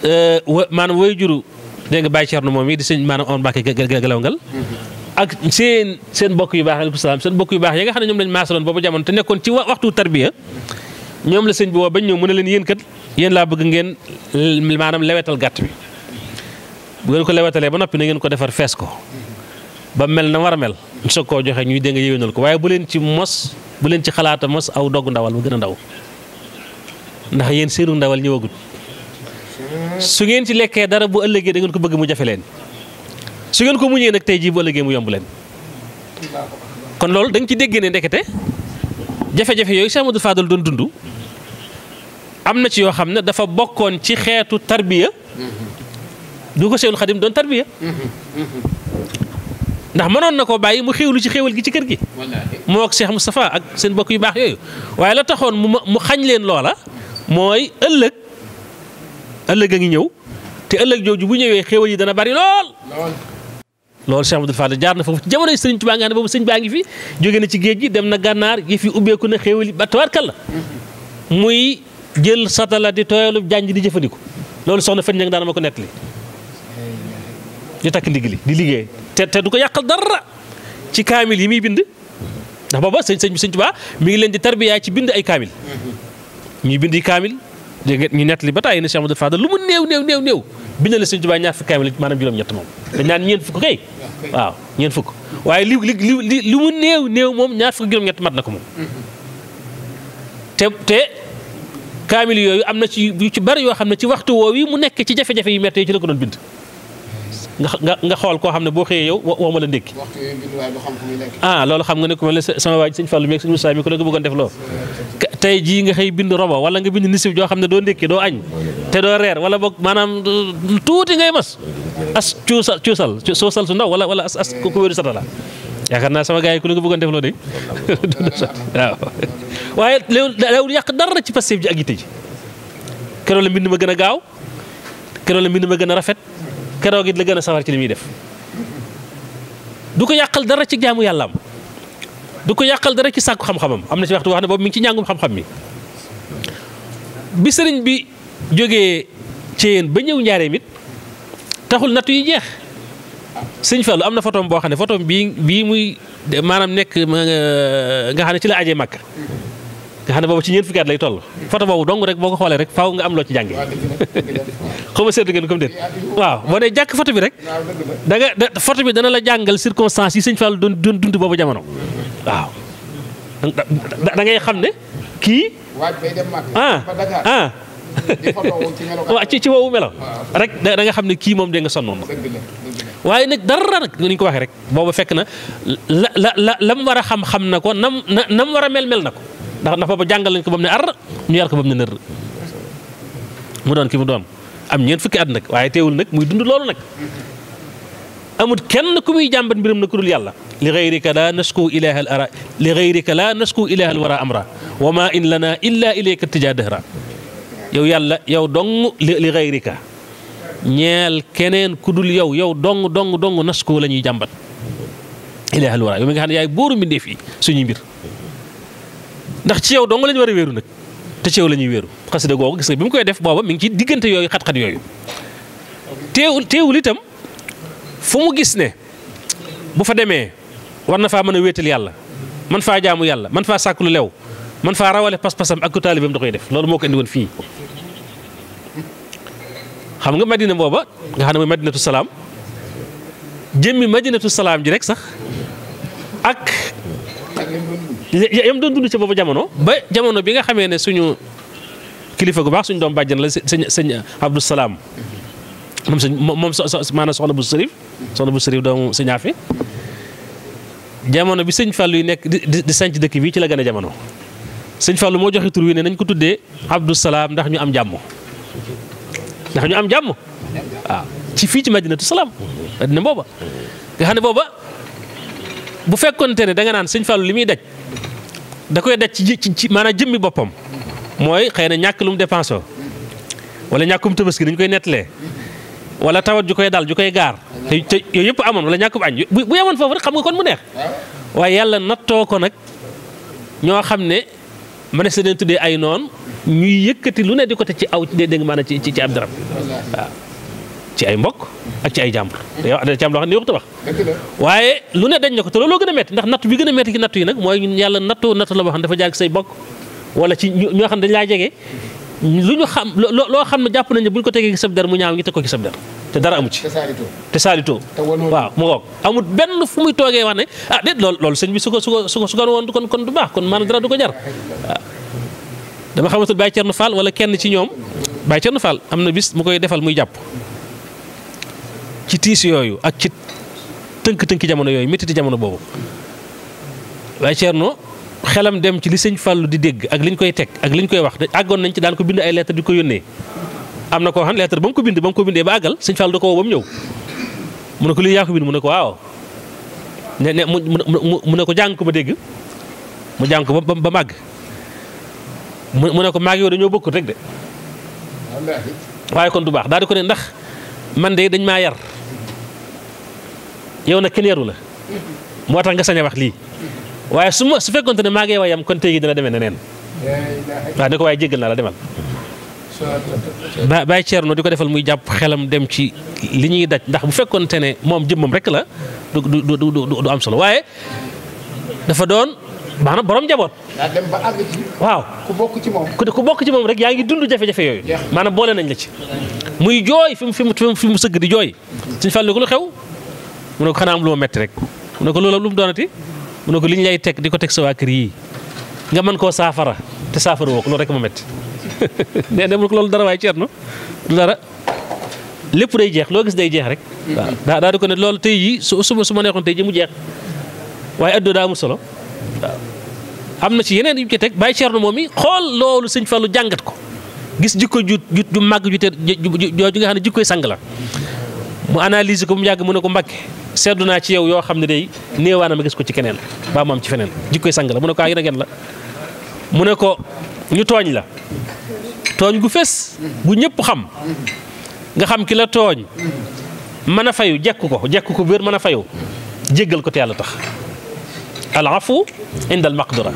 euh, maanaam way juru dégg nga bàyyi Cerno moom yi di sëñ maanaam on Mbàkke Galaw Ngal mm-hmm. ak seen seen bokk yu baax aleykum salaam bokk yu baax yi nga xam ne ñoom lañ maasaloon boobu jamono te nekkoon ci waxtu tarbiya ñoom la sëñ bi woo bañ ñëw mu ne leen yéen kat yéen laa bëgg ngeen maanaam lewetal gàtt bi bu ngeen ko lewetalee ba noppi na ngeen ko defar fees ko ba mel na war a mel soo koo joxe ñuy dégg yéwénal ko waaye bu leen ci mos bu leen ci xalaata mos aw dogg ndawal bu gën a ndaw ndax yéen seenu ndawal ñëwagut su ngeen ci lekkee dara bu ëllëgee da ngeen ko bëgg mu jafe leen su ngeen ko muñee nag tey jii bu ëllëgee mu yomb leen kon loolu da ci dégg ne ndekete jafe-jafe yooyu Cheikh Amadou Fadal doon dund am na ci yoo xam ne dafa bokkoon ci xeetu tarbiya du ko seen Xadim doon tarbiya ndax mënoon na koo bàyyi mu xewlu ci xewal gi ci kër gi moo ak Cheikh Moustapha ak seen bokk yu baax yooyu waaye la taxoon mu mu xañ leen loola mooy ëllëg ëllëg a ngi ñëw te ëllëg jooju bu ñëwee xéwal yi dana bari lool loolu Cheikh Abdoul Fadel jaar na foofu ci jamonoy Sëriñ Tuubaa nga xam ne boobu sëñ baa ngi fi jóge na ci géej gi dem na gànnaar yëf yi ubbeeku na xéewali ba tawarkal la muy jël satala di tooyalu janj di jëfandiku loolu soxna fen ña nga daana ma ko nekk li di takk ndigg li di liggéey te te du ko yàqal dara ci kaamil yi muy bind ndax booba sëñ sëñ sëñ Tuubaa mu ngi leen di tarbiyaa ci bind ay kaamil ñuy bind yi kaamil ñu nett li ba tàyyi na Cheikh Abdoul Fadel lu mu néew néew néew néew bindal sëñ Tuubaa ñett moom dañ naan waaw ñeent fukk waaye li li li li mu néew néew moom ñaar fukk juróom-ñett mat na ko moom. te te kaamil yooyu am na ci yu ci bari yoo xam ne ci waxtu woowu yi mu nekk ci jafe-jafe yu méttee ci la ko doon bind. nga nga xool koo xam ne boo xëyee yow wax ma la ndékki. waxtu yooyu bind waaye du xam ku ah loolu xam nga ne ku sama waa ji sëñ Fallou meeg sëñ mi ko la ko bëggoon def lool. tey jii nga xëy bind robo wala nga bind nisib joo xam ne doo ndékki doo añ te doo reer wala boog maanaam euh, tuuti ngay mas as cuusa cuusal suusal su ndaw wala wala as as ku wéru satala yaakaar naa sama gars yi ku la ko bëggoon def loo de ci passif ji ak yitte ma gën a gaaw keroog la ma gën a rafet keroog it la gën a sawar ci li muy def du ko yàqal dara ci jaamu yàllaam du ko yàqal dara ci sàkku xam-xamam am na ci waxtu wax ne boobu mi ngi ci njàngum xam-xam mi bi sëriñ bi jógee Ceyeen ba ñëw njaareem it taxul nattu yi jeex sëñ Fallu am na fotoom boo xam ne fotoom bii bii muy maanaam nekk nga xam ne ci la ajee Makka nga xam ne ci ñeent fukki at lay toll photo boobu dong rek boo ko xoolee rek faaw nga am loo ci jànge xaw ma waaw boo jàkk photo bi rek da nga bi dana la jàngal circonstances yi sëñ Fall doon doon dund boobu jamono xam ne kii ah, ah. ci ci woowu melo rek da xam ne kii moom de nga sonnoon na waaye nag dara nag ni ko waxee rek boobu fekk na la la la mu war a xam-xam na ko nam na nam war a mel-mel na ko ndax ndax booba jàngal lañ ko ba mu ne ar ñu yar ko ba mu ne nër mu doon ki mu doon am ñeent fukki at nag waaye teewul nag muy dund loolu nag amut kenn ku muy jàmbat mbiram na ku dul yàlla li gayrika la nasku ilaha al ara li wa ma in lana illa yàlla yow dong li gayrika ñeel keneen ku dul yow yow dong dong dong nasku la ñuy jàmbat ilaha al wara yow mi nga xam ne yaay bóoru mbindeef yi suñuy mbir ndax ci yow dong la ñu war a wéeru nag te ci yow la ñuy wéeru xasida googu gis nga bi mu koy def booba mi ngi ci diggante yooyu xat-xat yooyu teewul teewul itam fu mu gis ne bu fa demee war na faa mën a wéetal yàlla man faa jaamu yàlla man faa sàkk lu lew man faa rawale pas-pasam ak ku taalibeem da koy def loolu moo ko indi woon fii xam nga madina booba nga xam ne mooy madinatu salaam jëmmi madinatu salaam ji rek sax ak yam doon dund ci boobu jamono ba jamono bi nga xamee ne suñu kilifa gu baax suñu doom bàjjan la sëñ sëñ Abdou Salaam moom sëñ moom maanaam soxna bu sërif soxna bu sërif doomu sëñ Afi jamono bi sëñ Fallou yi nekk di di sanc dëkk bii ci la gën a jamono sëñ Fallou moo joxe tur wi ne nañ ko tuddee Abdou Salaam ndax ñu am jàmm ndax ñu am jàmm waaw ci fii ci Madinatu Salaam addina booba nga xam ne booba bu fekkonte ne danga naan sëñ Fallou li muy daj da koy daj ci ci maanaam jëmmi boppam mooy xëy na ñàkk lum mu dépensé wala ñàkkum tabaski dañ koy nettalee wala tawat ju koy dal ju koy gaar te te yooyu yëpp amoon wala ñàkkum añ bu yemoon foofu rek xam nga kon mu neex waaye yàlla nattoo ko nag ñoo xam ne mënees na leen tuddee ay noon ñuy yëkkati lu ne di ko te ci aw de nga maanaam ci ci ci ab darab ci ay mbokk ak ci ay jàmbur da ci am loo xam ne yow tabax waaye lu ne dañ na ko te looloo gën a metti ndax nattu bi gën a metti ci nattu yi nag mooy yàlla nattu nattu la boo xam ne dafa jaar lu ñu xam loo xam ne jàpp nañ bu ko tegee ci sab der mu ñaaw ñu teg ko ci sab der te dara amu saalitoo waaw mu ngoog amul benn fu muy toogee wax ne ah déet loolu loolu bi su ko su ko su ko su ko woon kon kon du baax kon maanaam dara du ko jar ah. dama xamatul Baye Thierno Fall wala kenn ci ñoom Baye Thierno Fall am na bis mu koy defal muy jàpp ci tiis yooyu ak ci tënk-tënki jamono yooyu métti jamono boobu waaye Thierno xelam dem ci li sëñ Fallou di dégg ak liñ koy teg ak liñ koy wax àggoon nañ ci daan ko bind ay lettre di ko yónnee am na koo xam lettre ba mu ko bind ba mu ko bindee ba àggal sëñ Fallou da ko woo ba mu ñëw mu ne ko lii yaa ko bind mu ne ko waaw ne mu mu ne ko jàng ko ma dégg mu jàng ko ba ba màgg mu ne ko màgg yow dañoo bokkut rek de waaye kon du baax daal di ko ne ndax man de dañ maa yow na kenn yaru la moo tax nga sañ lii waaye su ma su fekkonte ne maa ngi yam kon tey gi dina demee neneen waaw ne ko waaye jéggal naa la demal. bay Baye Thierno di ko defal muy jàpp xelam dem ci li ñuy daj ndax bu fekkonte ne moom jëmmam rek la du du du du solo waaye dafa doon maana borom njaboot. daa waaw ku bokk ci moom. ku bokk ci moom yaa ngi dund jafe-jafe yooyu. maanaam boole nañ la ci. muy jooy fi mu sëgg di jooy. suñu fàllu ko lu xew. mu ne ko xanaa am lu ma métti rek mu ne ko loolu lu mu doonati mu ne ko li ñu lay teg di ko teg sa waa kër yii nga mën koo saafara te saafara woo ko loolu rek ma métti nee na mu ne ko loolu dara waaye ceerno du dara lépp day jeex loo day jeex rek. waaw daa daa ko ne loolu tey jii su su su ma neexoon tey jii jeex waaye addoo daa amul solo am na ci yeneen yu ci teg baay bàyyi ceerno moom yi xool loolu sëñ Fallou jàngat ko gis jikko jut ju ju màgg ju te ju ju nga xam ne jikkoy sang la mu analyse ko mu yàgg mu ne ko mbakke seddu naa ci yow yoo xam ne day néewaana a gis ko ci keneen baa mu am ci feneen jikkoy sang la mu ne ko ah, yéen a ngeen la mu ne ko ñu tooñ la tooñ gu fes gu ñëpp xam nga xam ki la tooñ mën a fayu jekk ko jekk ko biir mën a fayu jéggal ko te yàlla tax al afu indal maqdura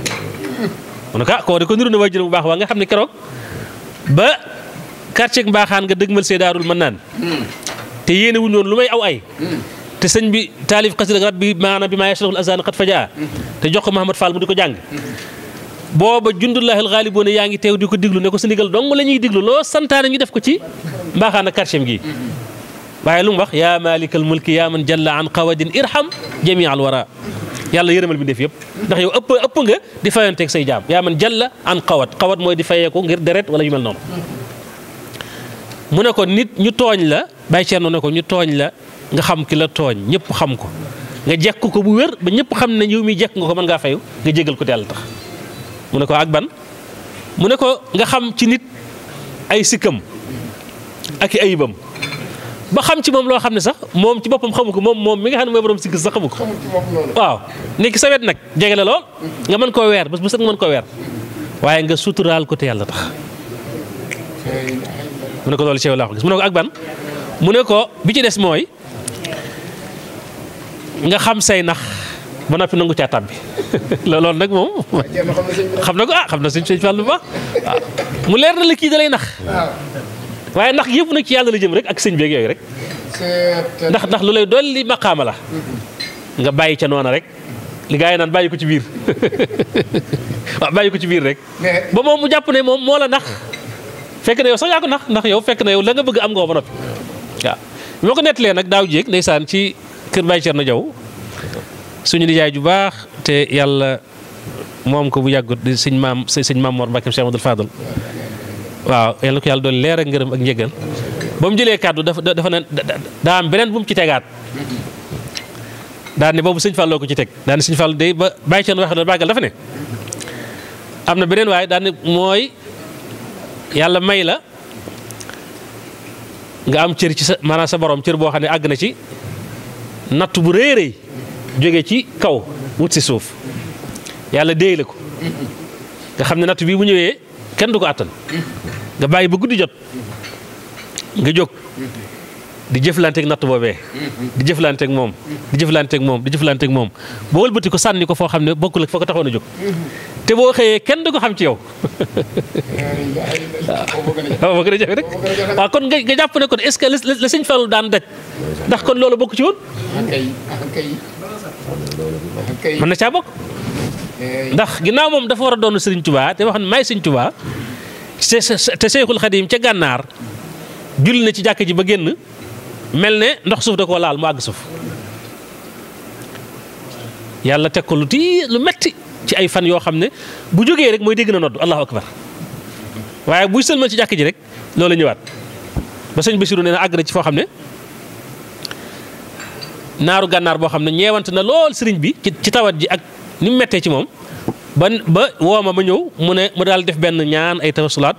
mu ne ko ah koo ko niru na waajur bu baax waa nga xam ne keroog ba quartier mbaaxaan nga dëgmal see daarul mën naan te yéene wu loon lu may aw ay hmm. te sëñ bi taalif xasida rabbi maanaam bi ma maa yashrahul azaan xat fajaa hmm. te jox ko Mahamad Fall mu di ko jàng hmm. booba jundullahil xaaliboona yaa ngi teew di ko diglu ne ko sa ndigal dong la ñuy diglu loo santaane ñu def ko ci mbaaxaan ak karchem gi waaye lu mu wax yaa maalikal mulki yaa man jalla an qawadin irham jamii al wara yàlla yërëmal bi def yëpp ndax yow ëpp ëpp nga di fayanteeg say jaam yaa man jalla an qawat qawat mooy di fayeeku ngir deret wala yu mel noonu mu ne ko nit ñu tooñ la bàyyi Cerno ne ko ñu tooñ la nga xam ki la tooñ ñëpp xam ko nga jekk ko bu wér ba ñëpp xam ne ñëw mi jekk nga ko mën ngaa fayu nga jégal ko te yàlla mu ne ko ak ban mu ne ko nga xam ci nit ay sikkam ak i xam ci moom loo xam ne sax moom ci boppam xamu ko moom moom mi nga xam ne mooy borom sikk sax xamu ko waaw nag jege la lool nga mën koo weer bés bu set nga weer waaye nga suturaal ko te yàlla tax mu ne ko loolu ci yow laa ko mu ne ko ak ci des mooy nga xam say nax ba noppi nangu caa tàbbi loolu nag moom xam na ko ah xam na sëñ sëñ Fallu bu baax ah, mu leer na la kii da nax waaye nax yëpp nag ki yàlla la jëm rek ak sëñ beeg yooyu rek ndax ndax lu lay li maqaama la mm-hmm. nga bàyyi ca noona rek li gaa yi naan ko ci biir waaw bàyyi ko ci biir rek ba moom mu jàpp ne moom moo la fekk na yow sax yaa ko ndax yow fekk na yow la nga bëgg am nga ko ba noppi waaw ko nettalee nag daaw jéeg ndeysaan ci kër Baye na Diaw suñu nijaay ju baax te yàlla moom ko bu yàggut di sëñ maam sëñ maam Mor Mbacke Cheikh Amadou Fadal waaw yàlla ko leer ak ak njëgal ba mu kàddu dafa dafa daa am beneen bu mu ci tegaat daan ne boobu sëñ Falloo ko ci teg daan ne sëñ Fall day ba Baye Thierno waxee noonu bàggal dafa ne am na beneen waaye daan ne mooy yàlla may la nga am cër ci sa maanaam sa borom cër boo xam ne àgg na ci natt bu rëy rëy jóge ci kaw wut si suuf yàlla déey la ko nga xam ne natt bii bu ñëwee kenn du ko àttan nga bàyyi ba guddi jot nga jóg di jëflanteeg natt boobee di jëflanteeg moom di jëflanteeg moom di moom boo wëlbati ko sànni ko foo xam ne bokkul ak foo ko taxoon a jóg te boo xëyee kenn du ko xam ci yow waaw moo gën a jafe rek waaw kon nga jàpp ne kon est-ce que la sëñ Fallu daan daj ndax kon loolu bokk ci woon mën na caa bokk ndax ginnaaw moom dafa war a doon Sëriñ Tuubaa te wax ne may Sëriñ Tuubaa te Seexul Xadiim ca gànnaar julli na ci jàkk ji ba génn mel ne ndox suuf da koo laal mu àgg suuf yàlla teg ko lu tii lu metti ci ay fan yoo xam ne bu jógee rek mooy dégg na noddu allahu akbar waaye buy sëlmal ci jàkk ji rek loolu ñëwaat ba sëñ Basiru nee na àgg na ci foo xam ne naaru gànnaar boo xam ne ñeewante na lool sëriñ bi ci tawat ji ak ni mu mettee ci moom ba ba woo ma ma ñëw mu ne mu daal def benn ñaan ay tawasulaat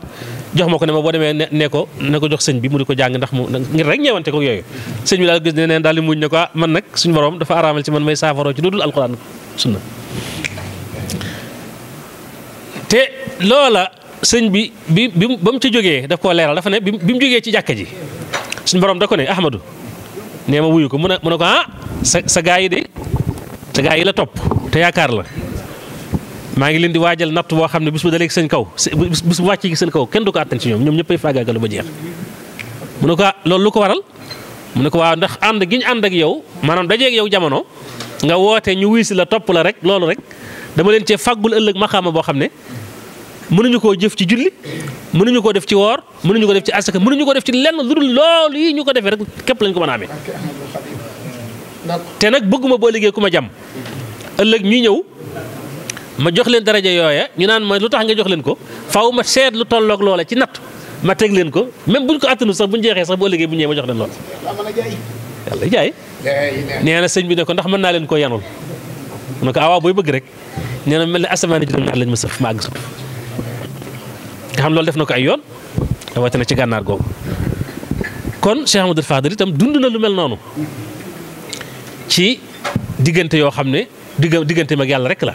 jox ma ko ne ma boo demee ne ko ne ko jox sëñ bi mu ko jàng ndax mu ngir rek ñeewante ko yooyu sëñ bi daal gis ne neen daal di muñ ne ko ah, man nag suñ borom dafa araamal ci man may saafaroo ci lu dul alquran sunna te loola sëñ bi bi bi ba mu ci jógee daf koo leeral dafa ne bi bi mu jógee ci jàkka ji suñ borom da ko ne Ahmadu nee ma wuyu ko mu ne mu ne ko ah sa sa gaa yi de sa gaa yi la topp te yaakaar la maa ngi leen di waajal natt boo xam ne bis bu dalee seen kaw bis bu wàccee seen kaw kenn du ko àttan ci ñoom ñoom ñëppay faagaagalu ba jeex mu ne ko ah, loolu lu ko waral mu ne ko waaw ndax ànd gi ñu ànd ak yow maanaam dajeeg yow jamono nga wootee ñu wuy si la topp la rek loolu rek dama leen cee fàggul ëllëg maxaama boo xam ne mënuñu koo jëf ci julli mënuñu koo def ci woor mënuñu ko def ci asaka mënuñu ko def ci lenn lu dul loolu yi ñu ko defee rek képp lañ ko mën a amee nag bëgguma boo liggéey ku ma jàmm ëllëg ñuy ñëw ma jox leen daraja yooya ñu naan ma lu tax nga jox leen ko faaw ma seet lu tolloog ci natt ma teg leen ko même buñ ko attanu sax buñ jeexee sax boo liggéey bu ñëwee ma jox leen lool yàlla jaay nee sëñ bi ne ko ndax mën naa leen koo yanul mu ne ko awaaw ah, booy bëgg rek nee na mel ne asamaan juróom-ñaar lañ ma sëf ma àgg sëf nga xam loolu def na ko ay yoon na ci gànnaar googu kon Cheikh Ahmadou Fadal itam dund na lu mel noonu ci diggante yoo xam ne diggante mag yàlla rek la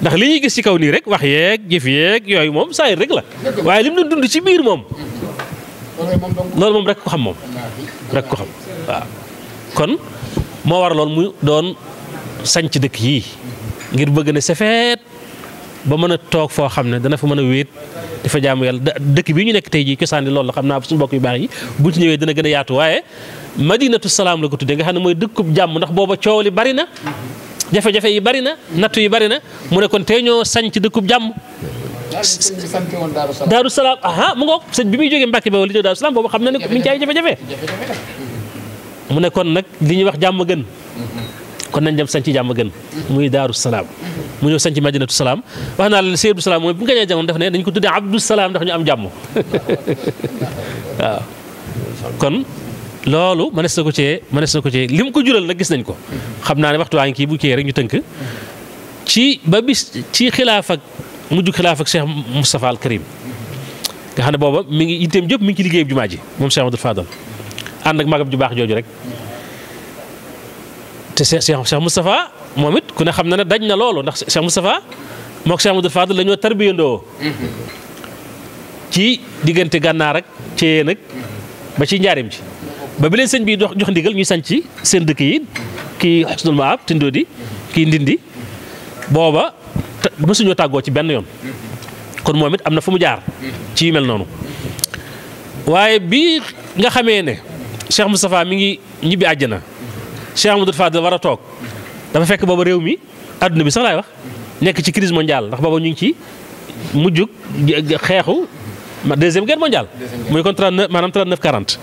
ndax li ñuy gis ci kaw lii rek wax yeeg jëf yeeg yooyu moom saa rek la waaye li mu doon dund ci biir moom loolu moom rek ko xam moom kon moo war loolu mu doon sanc dëkk yii ngir bëgg na safeet ba mën a toog foo xam ne dana fa mën a wéet dafa jaamu yàlla dëkk bi ñu nekk tey jii cosaan loolu la xam naa suñu mbokk yu baax yi bu ci ñëwee dina gën a yaatu waaye madinatu salaam la ko tuddee nga xam ne mooy dëkku jàmm ndax booba coow li bari na jafe yi bari na nattu yi bari na mu ne kon tey sanc dëkkub jàmm daaru salaam aha mu ngoog sëñ bi muy jógee Mbàkke ba li ñëw daaru salaam boobu xam na ne mi ngi ci ay jafe-jafe mu ne kon nag li ñuy wax jàmm gën kon nañ dem sanc jàmm gën muy daaru salaam mu ñëw sanc madinatu salaam wax naa la sëñ Salaam mooy bu ñu gañee jamono def ne dañ ko tuddee Abdou Salaam ndax ñu am jàmm kon loolu mënees na ko cee mënees lim ko jural nag gis nañ ko xam naa ne waxtu waa kii bu rek ñu tënk ci ba bis ci xilaaf mu mujj xilaaf ak Cheikh Moustapha nga xam ne booba mi ngi yitteem jëpp mi ngi ci liggéeyam jumaa ji moom Cheikh Abdoul Fadal ànd ak magam ju baax jooju rek te Cheikh Cheikh Moustapha moom it ku ne xam na ne daj na loolu ndax Cheikh Moustapha moog Cheikh Amadou Fadl la ñoo tarbiyandoo ci diggante gànnaar ak cee nag ba ci njaarim ci ba bi leen sëñ bi jox jox ndigal ñu ci seen dëkk yi kii Xusnul Maab Tindodi kii Ndindi booba mësuñoo tàggoo ci benn yoon kon moom it am na fu mu jaar ci yu mel noonu waaye bi nga xamee ne Cheikh Moustapha mi ngi ñibbi àjjana Cheikh Amadou Fadel war a toog dafa fekk booba réew mi adduna bi sax laay wax nekk ci crise mondiale ndax booba ñu ngi ci mujjug xeexu deuxième guerre mondiale. muy kon 39 maanaam 39 40.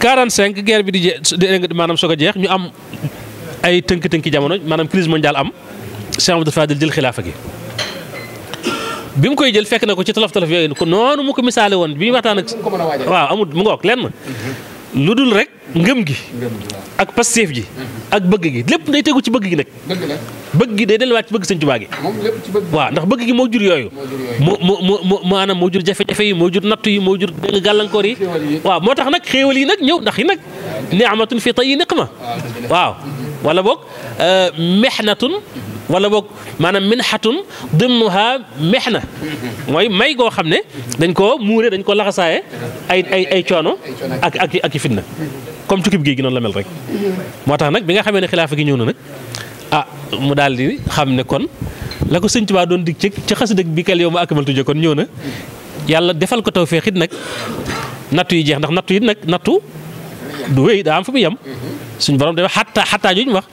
45 guerre bi di maanaam soog jeex ñu am ay tënk-tënki jamono maanaam crise mondiale am Cheikh Amadou Fadel jël xilaafa gi. bi mu koy jël fekk na ko ci tolof tolof yooyu noonu mu ko misaale woon bi waxtaan ak. waaw amul mu ngoog lenn. Mhm. lu dul rek ngëm gi ak pastéef ji mhm. ak bëgg gi lépp day tegu ci bëgg gi nag bëgg gi day delluwaat ci bëgg sëñ Tuubaa gi waaw ndax bëgg gi jur yooyu moo moo moo maanaam moo jur jafe-jafe yi moo jur natt yi moo jur gàllankoor yi waaw moo tax nag xéewal yi nag ñëw ndax yi nag ni'matun fi tayyi niqma waaw wala boog euh, mexnatun mhm. wala boog maanaam minhatun meex na mooy may koo xam ne dañ koo muure dañ ko laxasaaye ay ay ay coono ak ak ak i fitna comme cukkib géej gi noonu la mel rek moo tax nag bi nga xamee ne xilaafa gi ñëw na nag ah mu daal di xam ne kon la ko sëñ doon dig ci ci xasida bi kal yow ma akmaltu jo kon ñëw na yàlla defal ko feex it nag nattu yi jeex ndax nattu yi nag nattu du wéy daa am fu mu yem suñ borom dafa xataa xataa juñ wax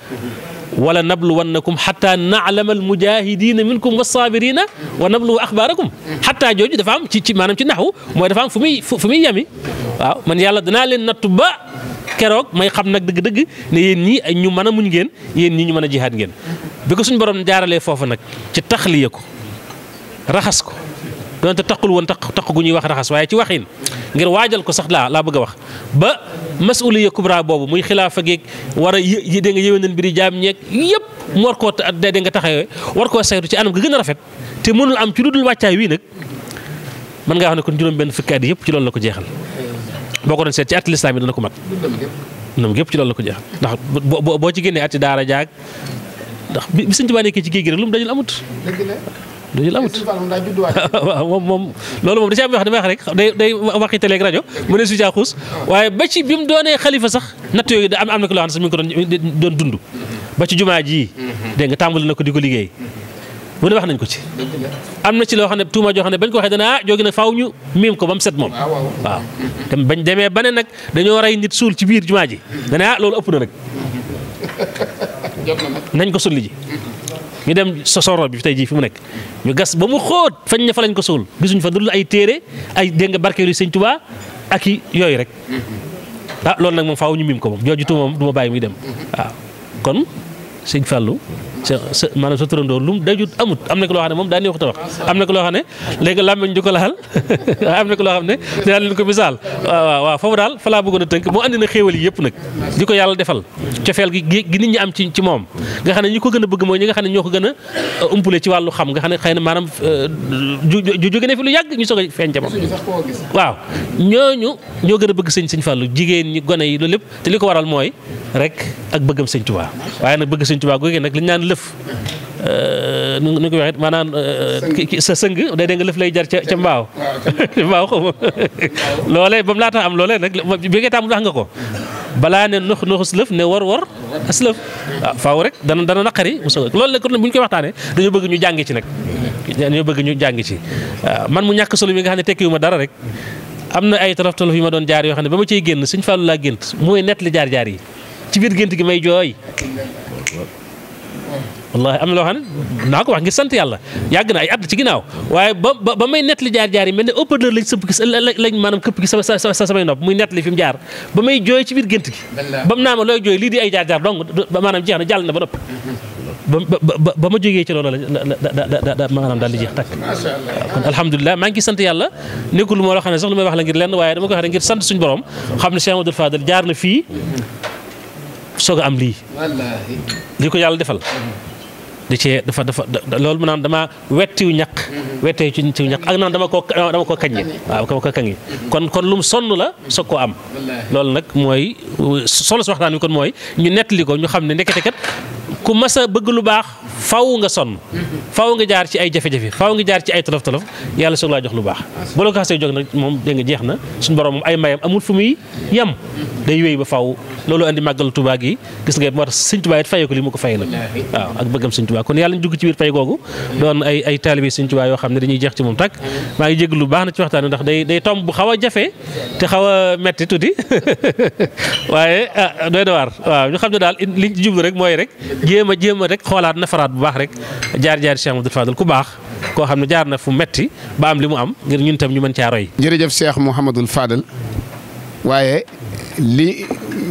wala nabluwannakum xataa naalama almujahidina minkum wasaabirina wa nabluwa axbaarakum xataa jooju dafa am ci ci maanaam ci naxwu mooy dafa am fu muy fu muy yemi waaw man yàlla danaa leen nattu ba keroog may xam nag dëgg-dëgg ne yéen ñii ay ñu mën a muñ ngeen yéen ñii ñu mën a jihaad ngeen bi ko suñu borom jaaralee foofu nag ci taxliya ko raxas ko donte taqul woon taq taq gu ñuy wax raxas waaye ci waxin ngir waajal ko sax laa laa bëgg a wax ba masuliya kubra boobu muy xilaafa geeg war a yë dégg nga yéwénal mbiri jaam ñeeg yëpp mu war koo dégg nga taxawee war koo saytu ci anam ga gën a rafet te mënul am ci lu dul wàccaay wii nag mën ngaa wax ne kon juróom-benn fukki at yëpp ci loolu la ko jeexal boo ko doon seet ci at lislaam yi dana ko mat ñoom gépp ci loolu la ko jeexal ndax boo ci génnee ati daara jaag ndax bi bi sëñ Tuubaa nekkee ci géej gi rek du ñu la amut waaw moom moom loolu moom da ci am wax damay wax rek day day waxi télé ak rajo mu ne su waaye ba ci bi mu doonee xalifa sax natt yooyu da am am na ko loo xam ne sax mi ngi ko doon doon dund ba ci jumaa ji dégg nga tàmbali na ko di ko liggéey mu ne wax nañ ko ci am na ci loo xam ne tuuma joo xam ne bañ ko waxee dana ah joogi nag ñu miim ko ba mu set moom waaw te bañ demee ba nag dañoo rey nit suul ci biir jumaa ji dana ah, loolu ëpp na nag nañ ko sulli ji ñu dem sosoro bi fi tey jii fi mu nekk ñu gas ba mu xóot fañ ne fa lañ ko suul gisuñ fa dul ay téere ay dégg nga barkeelu sëñ Tuubaa ak i yooyu rek ah loolu nag moom faaw ñu mim ko moom jooju moom du ma bàyyi muy dem waaw kon sëñ Fallou sa maanaam sa turandoo lum dajut amut am na ko loo xam ne moom daa neexut a wax am na ko loo xam ne léegi làmmiñ du ko laal waaw foofu daal fa laa bëggoon a tënk moo andi na xéewal yi yëpp nag di ko yàlla defal cofeel gi gi nit ñi am ci moom nga xam ne ñi ko gën a bëgg mooy ñi nga xam ne ñoo ko gën a uh, umpule ci wàllu xam nga xam ne xëy na maanaam uh, ju jóge na fi lu yàgg ñu a feeñ ca moom waaw ñooñu ñoo gën a bëgg sëñ sëñ jigéen ñi gone yi loolu lépp te li ko waral mooy rek ak bëggam sëñ Tuubaa waaye nag bëgg sëñ Tuubaa googu nag liñ naan lëf euh, nu nu ko waxee maanaam euh, sa sëng day dégg nga lëf lay jar ca ca mbaaw mbaaw xaw ma loolee ba mu laata am loolee nag bi nga tàmm nga ko balaa ne nux nuxus lëf ne war war as lëf waaw ah, faaw rek dana dana naqari mosa loolu nag kon bu ñu koy waxtaanee dañoo bëgg ñu jàng ci nag dañoo bëgg ñu jàng ci waaw ah, man mu ñàkk solo mi nga xam ne tekkiwu ma dara rek am na ay tolof tolof yu ma doon jaar yoo xam ne ba ma ciy génn suñ fàllu laa gént mooy nett li jaar jaar yi ci biir gént gi may jooy wallahi am na loo xam ne naa ko wax ngir sant yàlla yàgg na ay at ci ginnaaw waaye ba ba may nett li jaar jaar yi mel ne haut-parleur lañ sëpp gis lañ maanaam këpp gi samay nopp muy nett li fi jaar ba may jooy ci biir gént ba mu naa ma looy jooy lii di ay jaar jaar dong maanaam jeex na jàll na ba nopp ba ba ba ma ci loolu la da da maanaam daal di jeex tàkk kon ngir sant suñu borom xam ne Cheikh Amadou Fadel jaar na fii soog a am lii li ko yàlla defal da cee dafa dafa loolu mu naan damaa wettiw ñàkk wettee ci ciw ñàkk ak naan dama ko dama ko kañ waaw dama ko kañ kon kon lu mu sonn la soog koo am loolu nag mooy solo si waxtaan bi kon mooy ñu nettali ko ñu xam ne ndekete kat ku mas a bëgg lu baax faw nga sonn faw nga jaar ci ay jafe-jafe faw nga jaar ci ay tolof-tolof yàlla soog laa jox lu baax bu la moom dégg nga jeex na suñu borom day wéy ba faw loolu andi màggal Tuubaa gi gis nga moo tax sëñ Tuubaa it ko li mu ko fayee nag waaw ak bëggam sëñ kon yàlla ñu dugg ci biir pay googu doon ay ay taalibe sëñ yoo xam ne dañuy jeex ci moom tàkk maa ngi jégg lu baax na ci waxtaan ndax day day tomb bu xaw a jafe te xaw a metti tuuti waaye ah doy na waar waaw ñu xam ne daal li ci jublu rek mooy rek jéem a rek xoolaat nafaraat bu baax rek jaar jaar Cheikh Mouhamadou Fadal ku baax koo xam ne jaar na fu metti ba am li mu am ngir ñun tam ñu mën caa roy. jërëjëf Cheikh Mouhamadou Fadal waaye li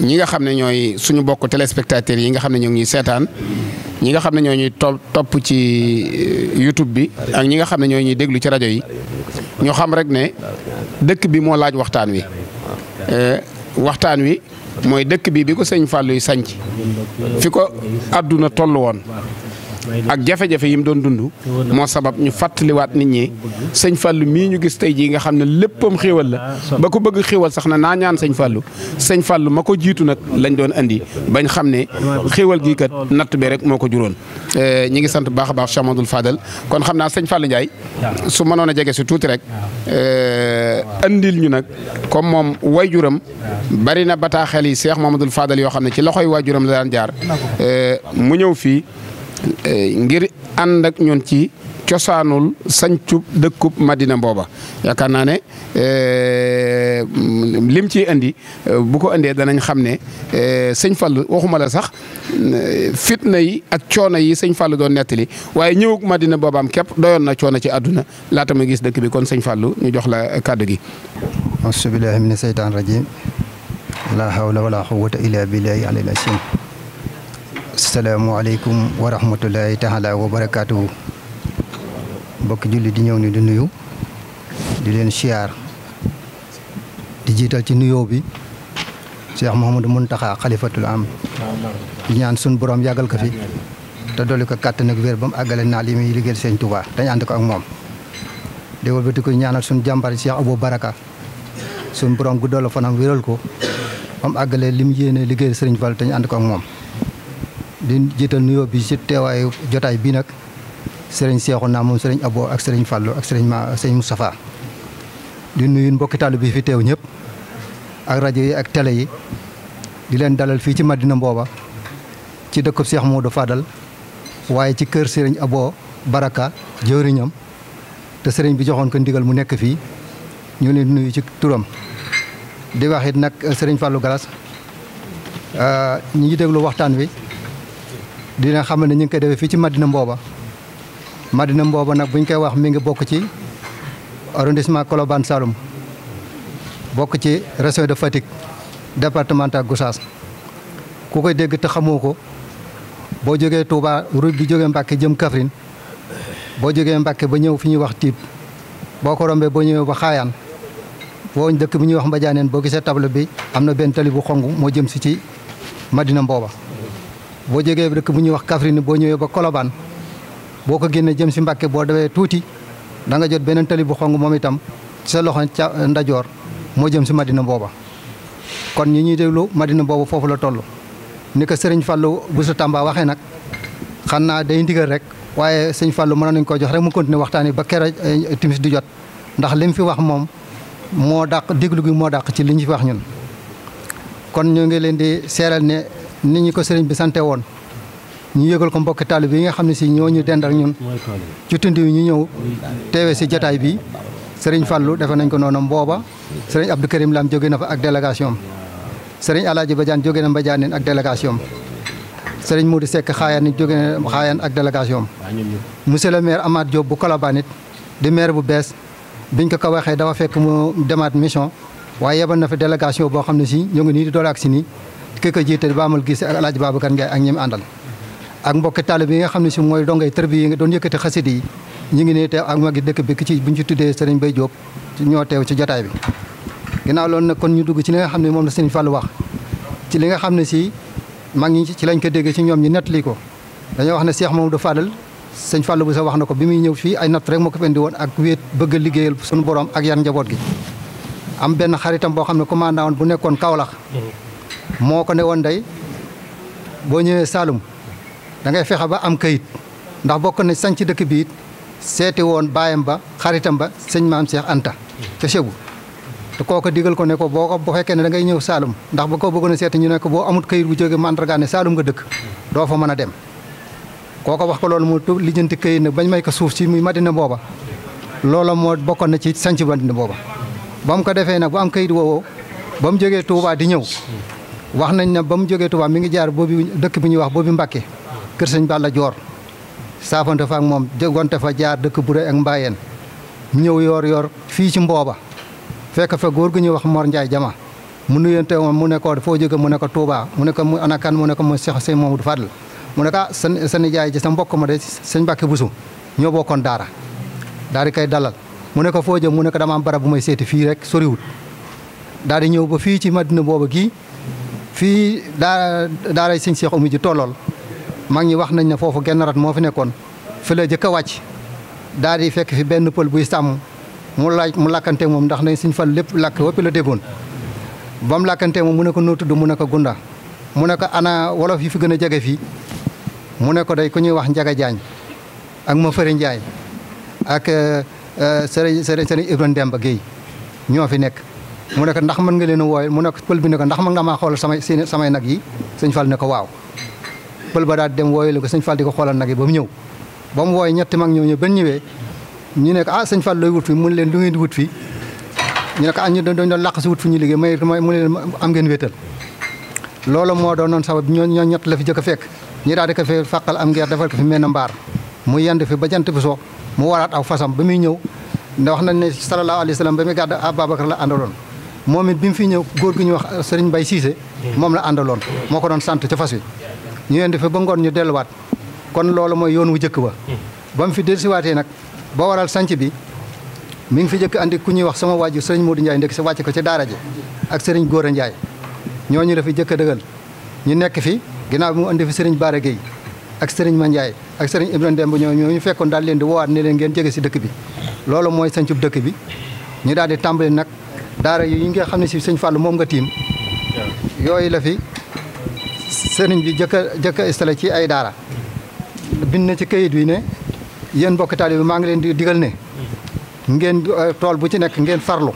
ñi nga xam ne ñooy suñu bokk téléspectateurs yi nga xam ne ñoo ngi seetaan ñi nga xam ne ñoo ñuy topp ci euh, YouTube bi ak ñi nga xam ne ñoo ñuy déglu ci rajo yi ñu xam rek ne dëkk bi moo laaj waxtaan wi euh, waxtaan wi mooy dëkk bi bi ko sëñ Fallou sañc fi ko àdduna toll woon ak jafe-jafe yi mu doon dund moo sabab ñu fàttaliwaat nit ñi sëñ fallu mii ñu gis tey jii nga xam ne léppam xéewal la ah, ba ko bëgg xéewal sax na naa ñaan sëñ Fallou sëñ fallu ma ko jiitu nag lañ doon indi bañ xam ne xéewal gii kat natt bi rek moo ko juróon eh, ñi ngi sant baax a ma Cheikh Amadou Fadal kon xam naa sëñ fallu Ndiaye su manoon a jege si tuuti rek eh, andil ñu nag comme moom waajuram bari na bataaxel yi Cheikh Mamadou Fadal yoo xam ne ci loxoy waajuram la daan jaar eh, mu ñëw Eh, ngir ànd ak ñun ci cosaanul sañcub dëkkub Madina mbooba yaakaar naa ne eh, lim ciy indi eh, bu ko indee danañ xam ne sëñ fallu waxuma la sax fitna yi ak coono yi sëñ Fall doon nettali waaye ñëwug Madina boobaam képp doyoon na coono ci àdduna laata gis dëkk bi kon sëñ Fall ñu jox la kàddu gi. auzu billaahi mina seytaani laa hawla wa laa quwwata illaa billaahi alil asalaamualeykum wa rahmatulahi taala wa barakaatuhu mbokki julli di ñëw ni di nuyu di leen siyaar di jiital ci nuyoo bi Cheikh Mouhamadou Mountakha xalifatul am di ñaan sun borom yàggal ko fi te dolli ko kàttan ak wér ba mu àggale naa li muy liggéeyal Sëñ Tuubaa dañ ànd ko ak moom di wëlbati ko mu àggale li mu Sëriñ Fall te ñu ànd ko ak moom di jiital nuyoo bi ci teewaayu jotaay bii nag sëriñ naa moom sëriñ Abo ak sëriñ Fallou ak sëriñ ma sëriñ Moustapha di nuyu mbokki taalibe bi fi teew ñëpp ak rajo yi ak tele yi di leen dalal fii ci màddina Mbooba ci dëkkub Seex Moodu Fadal waaye ci kër sëriñ Abo Baraka jëwriñam te sëriñ bi joxoon ko ndigal mu nekk fii ñu leen nuyu ci turam di wax nag sëriñ Fallou Galas euh, ñu ngi déglu waxtaan wi dina xam ne ñu ngi koy defee fii ci Madina Mbooba maddina Mbooba nag buñ koy wax mi ngi bokk ci arrondissement Colobane Saloum bokk ci région de Fatick départemental Gossas ku koy dégg te xamoo ko boo jógee Touba route bi jógee Mbacke jëm Kaffrine boo jógee Mbacke ba ñëw fi ñuy wax tiib boo ko rombee boo ñëwee ba xaayaan boo njëkk bi ñuy wax Mbadianeen boo gisee table bi am na benn tali bu xong moo jëm si ci Madina Mbooba boo jegee jógee dëkk bu ñuy wax Kaffrine boo ñëwee ba Colobane boo ko génnee jëm si Mbàkke boo dawee tuuti da nga jot beneen tali bu xong moom itam ci sa loxo ca ndajoor moo jëm si Madina booba kon ñi ñuy déglu Madina boobu foofu la toll ni ko sëriñ Fallou bu sa Tamba waxee nag xam naa day ndigal rek waaye sëñ Fallou mënoon nañ koo jox rek mu continuer waxtaan ba keroog eh, timis di jot ndax li mu fi wax moom moo daq déglu gi moo daq ci li ñu fi wax ñun kon ñoo ngi leen di seeral ne nit ñi ko sëriñ bi sante woon ñu yëgal ko mbokki taalib yi nga xam ne si ñoo ñu dend ak ñun ci ñu ñëw teewe si jataay bi sëriñ Fallou defe nañ ko noonu mbooba sëriñ Abdou Karim Lam jóge na fa ak délégation am sëriñ Alaaji Badiane jóge na Mbadiane ak délégation am sëriñ Modou Seck xaayaan jóge na xaayaan ak délégation am monsieur le maire Amath Diop bu Colobane di maire bu bees biñ ko ko waxee dafa fekk mu demaat mission waaye yebal na fa délégation boo xam ne si ñoo ngi nii di doole ak si nii ki ko jiite ba amal gise ak alaaji Babacar Ndiaye ak ñim àndal ak mbokki taalib yi nga xam ne si mooy dongay tër bi yi nga doon yëkkati xasida yi ñu ngi ne teew ak magi dëkk bi ki ci bu ñu ci tuddee Serigne ñoo teew ci jotaay bi ginnaaw loolu nag kon ñu dugg ci li nga xam ne moom la Serigne Fallou wax ci li nga xam ne si mag ñi ci lañ ko dégg ci ñoom ñi nettali ko dañoo wax ne Cheikh Mamadou Fadal sëñ Fallou bu sa wax na ko bi muy ñëw fii ay natt rek moo ko fendi woon ak wéet bëgg liggéeyal suñu borom ak yar njaboot gi am benn xaritam boo xam ne commandant woon bu nekkoon Kaolack mm-hmm. moo ko ne woon day boo ñëwee Saalum da ngay fexe ba am kayit ndax bokk na sañ ci dëkk bi it seeti woon baayam ba xaritam ba sëñ maam Cheikh Anta ca Chegu te kooku digal ko ne ko boo ko bu fekkee ne da ngay ñëw Saalum ndax ba ko bëggoon a ñu ne boo amut kayit bu jóge mandarga ne Saalum nga dëkk doo fa mën a dem. kooko wax ko loolu mu lijjanti këyit nag bañ may ko suuf si muy madina booba loola moo bokkoon na ci sanc madina booba ba mu ko defee nag bu am këyit woowoo mu jógee Touba di ñëw wax nañ ne ba mu jógee Touba mi ngi jaar boobu dëkk bi ñuy wax boobu Mbacke kër sëñ Balla Joor saafante fa moom jegonte fa jaar dëkk Buré ak Mbayeen ñëw yoor yor fii ci mbooba fekk fa góor gi ñuy wax Mor Ndiaye Jama mu nuyente moom mu nekkoo ko foo jóge mu ne ko Touba mu ne ko mu ana kan mu ne ko mu Cheikh Sëñ Mamadou Fadl mu ne ko ah sa sa nijaay ji sa mbokk ma de sëñ bu Bousso ñoo bokkoon daara daal di koy dalal mu ne ko foo jëm mu nekk ko dama bu may seeti rek soriwul daal di ñëw ba fii ci madina booba gii fii daara daaray sëñ Cheikh Oumy ji tollool mag ñi wax nañ ne foofu genn rat moo fi nekkoon fi la jëkk a wàcc daal di fekk fi benn pël buy sàmm mu laaj mu lakkante moom ndax nañ suñ fal lépp lakk wëpp la déggoon ba mu lakkante moom mu ne ko noo tudd mu ne ko gunda mu ne ko ana wolof yi fi gën a jege fii mu ne day ku ñuy wax njaga jaañ ak ma fëri njaay ak sëriñ sëriñ sëriñ Ibrahima Demba Guèye ñoo fi nekk mu nekk ndax mën nga leen a mu ne ko pël ko ndax mën nga maa xoolal samay seen samay nag yi sëñ Fall ne ko waaw pël ba daa dem wooyee la ko sëñ Fall di ko xoolal nag yi ba mu ñëw ba mu wooyee ñetti mag ñëw ñëw benn ñëwee ñu ne ko ah sëñ wut fi mu leen lu ngeen di wut fi ñu ne ko ah doon doon si wut fi ñu liggéey may mu ne leen am ngeen wéetal loolu moo doon noon sabab ñoo ñoo ñett la fi jëkk fekk ñu daal di ko fi fàqal am ngeer defal ko fi mel mbaar mu yend fi ba jant bi so mu waraat aw fasam ba muy ñëw ndax wax nañ ne sallallahu alayhi wa sallam ba muy gàdd Ababacar la àndaloon moom it bi mu fi ñëw góor gi ñuy wax euh, sëriñ Mbaye Cissé hmm. moom la àndaloon moo ko doon sant ca fas wi ñu indi fa ba ngoon ñu delluwaat kon loolu mooy yoon wu jëkk wa hmm. ba mu fi dellusiwaatee nag ba waral sanc bi mi ngi fi jëkk andi ku ñuy wax sama waajur sëriñ Modou Ndiaye ndek si wàcc ko ca daara ji ak sëriñ Gora Ndiaye ñooñu la fi jëkk a dëgal ñu nekk fi ginnaaw bi mu indi fi sëriñ Bara Gueye ak sëriñ Mandiaye ak sëriñ Ibrahima Demba ñoo ñoo ñu fekkoon daal leen di woowaat ne leen ngeen jege si dëkk bi loolu mooy sancub dëkk bi ñu daal di tàmbali nag daara yi nga xam ne si sëñ Fallou moom nga tiim yooyu la fi sëriñ bi jëkk jëkk a installé ci ay daara bind na ci kayit wi ne yéen mbokk taalibe maa ngi leen di digal ne ngeen euh, tool bu ci nekk ngeen farlu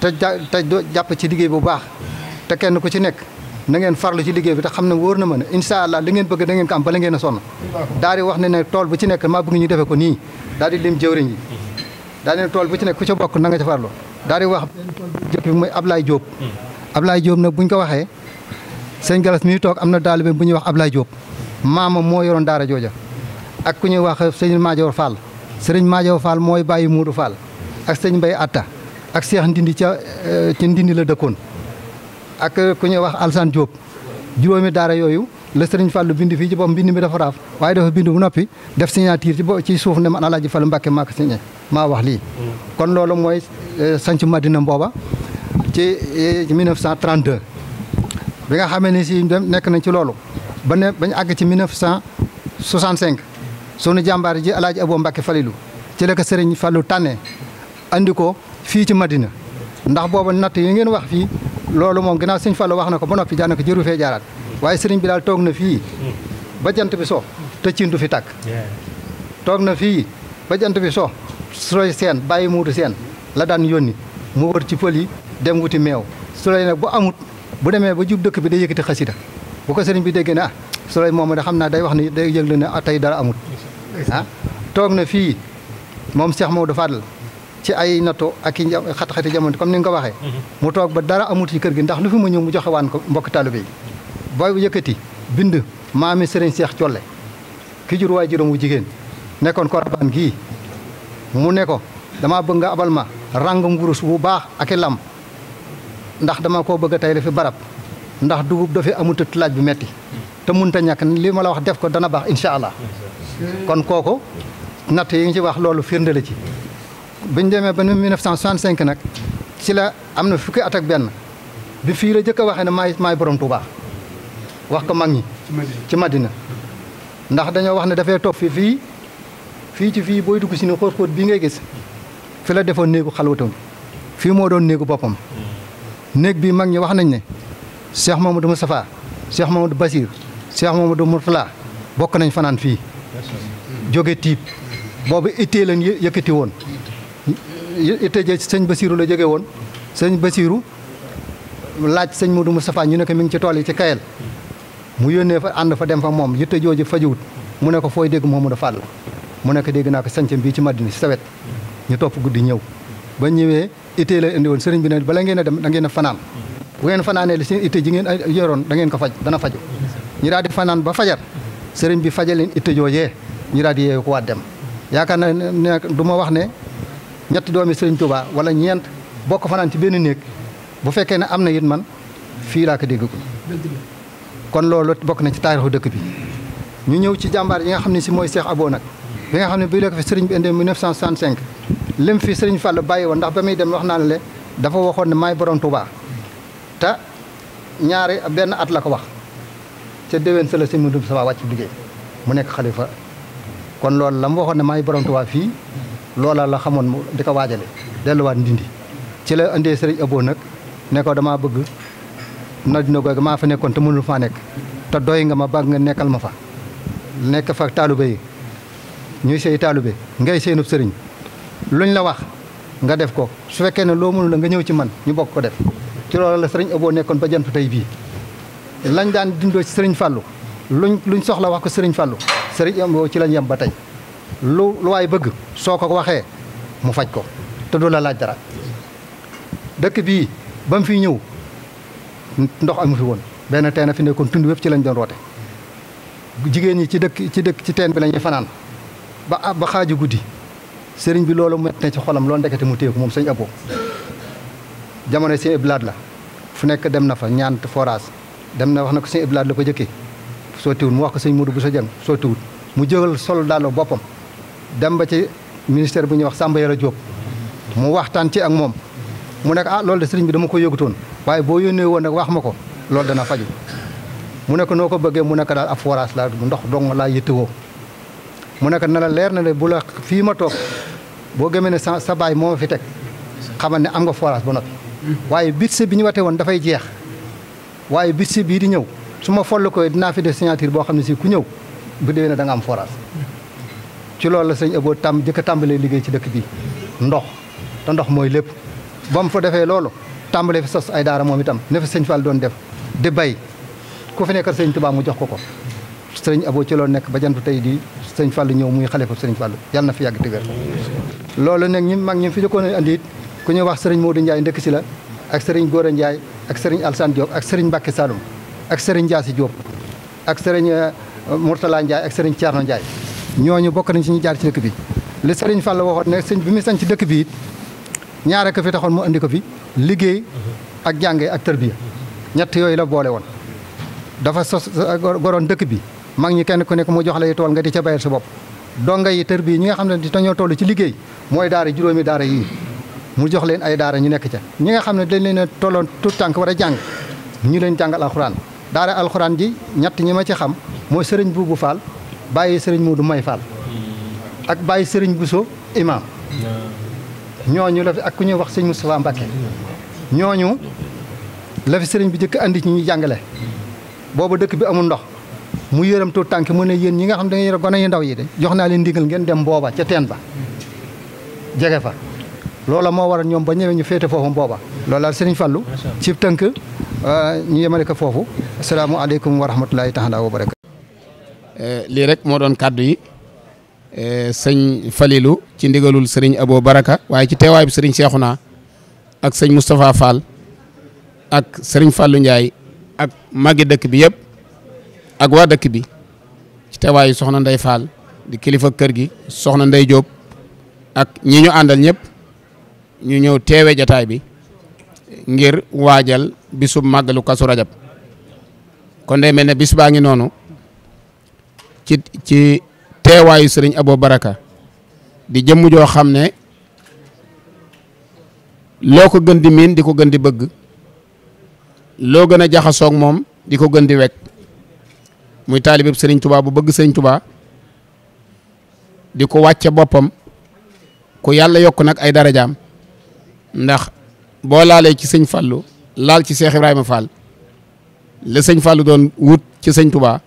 te te jàpp ci liggéey bu baax te kenn ku ci nekk na ngeen farlu ci liggéey bi te xam ne wóor na ma ne incha allah li ngeen bëgg da ngeen bala ngeen a sonn daal di wax ne ne tool bu ci nekk maa bëgg ñu defee ko nii daal di lim jëwriñ yi daal di ne tool bu ci nekk ku ca bokk na nga daal wax jëpp bi muy Ablaye Diop. Ablaye Diop nag buñ ko waxee sëñ Galas mi toog am na daalibe bu ñuy wax ab Ablaye Diop maamam moo yoroon daara jooja ak ku ñuy wax sëñ Madior Fall sëriñ Madior Fall mooy bàyyi Moodu Fall ak sëñ Mbay Atta ak Seex Ndindi ca euh, ci Ndindi la dëkkoon ak ku ñuy wax Alsane Diop juróomi daara yooyu. la Serigne Fallou bind fii ci boppam bind mi dafa raaf waaye dafa bind bu noppi def signature ci ci suuf ne man Alaaji Fallou Mbàkke maa ko maa wax lii mm. kon loolu mooy euh, sanc Madina mbooba ci 1932 bi nga xamee ne si dem nekk nañ ci loolu ba ne bañ àgg ci 1965 sunu jàmbaar ji Alaaji Aboo Mbàkke Falilu ci la ko Serigne Fallou tànnee andi ko fii ci Madina ndax booba natt yi ngeen wax fii loolu moom ginnaaw Serigne Fallou wax na ko ba noppi jaan ko jëru fee jaaraat waaye sëriñ bi daal toog na fii hmm. ba jant bi so te du fi tàkk toog na fii ba jant bi so sooy seen bàyyi muutu seen la daan yónni mu wër ci pël yi dem wuti meew Souley nag bu amut bu demee ba jub dëkk bi day yëkkati xasida bu ko sëriñ bi déggee ne ah Souley a da xam naa day wax ni day yëgle ne ah tey dara amut ah, toog na fii moom Cheikh Maodo Fadal ci ay natto ak i xat-xati jamono comme ni nga ko waxee mm-hmm. mu toog ba dara amut ci kër gi ndax lu fi ñëw mu joxe waan ko bay yëkkati bind maami Serigne Cheikh Colle ki jur waay juróom wu jigéen nekkoon korabaan gi mu ne ko dama bëgg nga abal ma ràng ngurus bu baax ak i lam ndax dama koo bëgg a tey fi barab ndax dugub dafay amut laaj bu metti te munta ñàkk li ma la wax def ko dana baax incha allah kon kooku natt yi ngi ci wax loolu firnde la ci biñ demee ba 1965 nag si la am na fukki at benn bi fii la jëkk a waxee ne maay maay borom Tuubaa wax ko mag ñi ci madina ndax dañoo wax ne dafay toog fi fii fii ci fii booy dugg si ni xóot-xóot bii ngay gis fi la defoon néegu xalwatam fii moo doon néegu boppam néeg bi mag ñi wax nañ ne Cheikh Mamadou Moustapha Cheikh Mamadou Basir Cheikh Mamadou Mourtala bokk nañ fanaan fii jóge tiib boobu ittee lañ yëkkati woon ittee ja sëñ Basiru la jóge woon sëñ Basiru laaj sëñ Modou Moustapha ñu nekk ko mi ngi ci tool yi ci Kayel mu yónnee fa ànd fa dem fa moom yitte jooju fajuwut mu ne ko fooy dégg Mouhamadou Fall mu nekk dégg naa ko sancam bii ci Madina si sawet ñu topp guddi ñëw ba ñëwee ittee la indi woon sëriñ bi ne bala ngeen a dem da ngeen a fanaan bu ngeen fanaanee li seen itte ji ngeen yoroon da ngeen ko faj dana faju ñi daal di fanaan ba fajar sëriñ bi faja leen itte joojee ñi daal di yeewu ko waa dem yaakaar na ne du ma wax ne ñetti doomi sëriñ Touba wala ñeent bokk fanaan ci benn néeg bu fekkee ne am na it man fii laa dégg ko kon loolu bokk na ci taarixu dëkk bi ñu ñëw ci jàmbaar yi nga xam ne si mooy seex aboo nag bi nga xam ne bii la ko fi sëriñ bi indee 1965 lim fi sëriñ Fall bàyyi woon ndax ba muy dem wax naa le dafa waxoon ne maay borom Touba te ñaari benn at la ko wax ca déwén sa la si mu dum sama wàcc liggéey mu nekk xalifa kon loolu la mu waxoon ne maay borom Touba fii loola la xamoon mu di ko waajale delluwaat ndindi ci la indee sëriñ Abo nag ne ko damaa bëgg dina googu maa fa nekkoon te mënul faa nekk te doyi nga ma bàgg nga nekkal ma fa nekk fa taalibe yi ñuy say taalibe ngay seenub sëriñ luñ la wax nga def ko su fekkee ne loo mënul la nga ñëw ci man ñu bokk ko def ci loolu la sëriñ Abo nekkoon ba jant tey bii lañ daan dindoo ci sëriñ Fallou luñ luñ soxla wax ko sëriñ Fallou sëriñ Abo ci lañ yem ba tey lu lu bëgg soo ko waxee mu faj ko te du la laaj dara dëkk bii ba mu ñëw ndox amu fi woon benn teen a fi nekkoon tund wépp ci lañ doon roote jigéen ñi ci dëkk ci dëkk ci teen bi la ñuy fanaan ba ba xaaju guddi sëriñ bi loolu met na ci xolam loolu ndekete mu téye ko moom sëñ Abo jamono sëñ Iblaat la fu nekk dem na fa ñaant forage dem na wax na ko sëñ Iblaat la ko soo sottiwul mu wax ko sëñ Modou bu sa jëm sottiwul mu jëgal sol daal boppam dem ba ci ministère bu ñuy wax Samba Yara Diop mu waxtaan ci ak moom mu nekk ah loolu de sëriñ bi dama ko yëgutoon waaye boo yónnee woon nag wax ma ko loolu dana faju mu nekk noo ko bëggee mu nekk daal ab forage laa ndox dong laa yittewoo mu nekk na la leer na ne bu la fii ma toog boo gëmee ne sa sa baay moo ma fi teg xamal ne am nga forage ba noppi waaye bit bi ñu wate woon dafay jeex waaye budget bii di ñëw su ma foll koy dinaa fi def signature boo xam ne si ku ñëw bu dee da danga am forage ci loolu la sëñ Ebo tam jëkk a tàmbalee liggéey ci dëkk bi ndox te ndox mooy lépp ba mu fa defee loolu tàmbalee fi sos ay daara moom itam ne fi sëñ Fall doon def di bay ku fi nekkal sëñ Tuubaa mu jox ko ko sëriñ Abo ci loolu nekk ba jant tey di sëñ lu ñëw muy xalifa sëriñ Fall yàlla na fi yàgg te wér loolu nag ñun mag ñun fi jëkkoon a andi ku ñuy wax sëriñ Modou Ndiaye ndëkk si la ak sëriñ Gora Ndiaye ak sëriñ Alsane Diop ak sëriñ Mbacke Saloum ak sëriñ si Diop ak sëriñ euh, Mourtala Ndiaye ak sëriñ Thierno Ndiaye ñooñu bokk nañ ci ñu jaar ci dëkk bi sëriñ Fall waxoon ne sëñ bi muy sañ ci dëkk bi ñaare ko fi taxoon mu indi ko fi liggéey ak jànge ak tërbiya ñett yooyu la boole woon dafa sos goroon dëkk bi mag ñi kenn ku nekk mu jox la yi tool nga di ca bayal sa bopp donga yi tërbiya ñi nga xam ne dañoo toll ci liggéey mooy daara juróomi daara yii mu jox leen ay daara ñu nekk ca ñi nga xam ne dañ leen a tolloon tout tànk war a jàng ñu leen jàngal alxuraan daara alxuraan ji ñetti ñi ma ci xam mooy sëriñ buubu faal bàyyi sëriñ Moodu may faal ak bàyyi sëriñ Buso imaam ñooñu la fi ak ku ñuy wax sëñ Moustapha Mbacke ñooñu la fi sëriñ bi njëkk andi ñu ñuy jàngale boobu dëkk bi amul ndox mu yëram tuut tànk mu ne yéen ñi nga xam da ngeen gone ñu ndaw yi de jox naa leen ndigal ngeen dem booba ca teen ba jege fa loola moo waral ñoom ba ñëwee ñu féete foofu booba loola sëriñ Fallou ci tënk euh, ñu yemale ko foofu asalaamaaleykum wa rahmatulahi taala wa barakaatu euh, lii rek moo doon kàddu yi Eh, sëñ Falilou ci ndigalul sëriñ Abo Baraka waaye ci teewaay bi sëriñ Cheikhouna ak sëñ Moustapha Fall ak sëriñ Fallou Ndiaye ak magi dëkk bi yëpp ak waa dëkk bi ci teewaayu soxna nday Fall di kilifa kër gi soxna nday Diop ak ñi ñu àndal ñëpp ñu ñëw teewe jataay bi ngir waajal bisu màggalu Kazu Rajab kon day mel ne bis baa ngi noonu ci ci. waayu sëriñ aboo Baraka di jëmm joo xam ne loo ko gën di miin di ko gën di bëgg loo gën a jaxasook moom di ko gën di wekk muy taalibeb sëriñ tubaa bu bëgg sëriñ Tuubaa di ko wàcce boppam ku yàlla yokk nag ay darajaam ndax boo laalee ci sëñ Fallou laal ci Cheikh ma Fall la sëñ Fallou doon wut ci sëñ Touba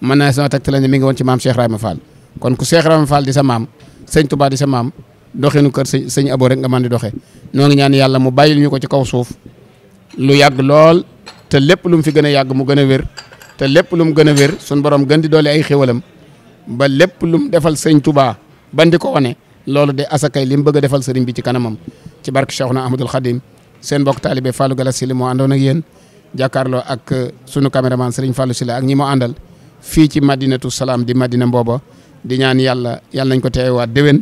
mën naa sama tegtal ne mi ngi woon ci maam Cheikh Ibrahima Fall kon ku Cheikh Rama Fall di sa maam sëñ Touba di sa maam doxinu kër sëñ sëñ Abo rek nga man di doxee noo ñaan yàlla mu bàyyil ñu ko ci kaw suuf lu yàgg lool te lépp lu mu fi gën a yàgg mu gën a wér te lépp lu mu gën a wér suñ borom gën di doole ay xéwalam ba lépp lum defal sëñ tubaa ban di ko wane loolu de asakay li mu bëgg defal sëriñ bi ci kanamam ci bark barke Cheikhna Ahmadoul Khadim seen mbokk taalibe Fallou Galass Syll moo àndoon ak yéen jàkkaarloo ak uh, sunu caméraman sëriñ Fallou Syll ak ñi moo àndal fii ci madinatu salaam di madina mbooba di ñaan yàlla yàlla nañ ko teewaat déwén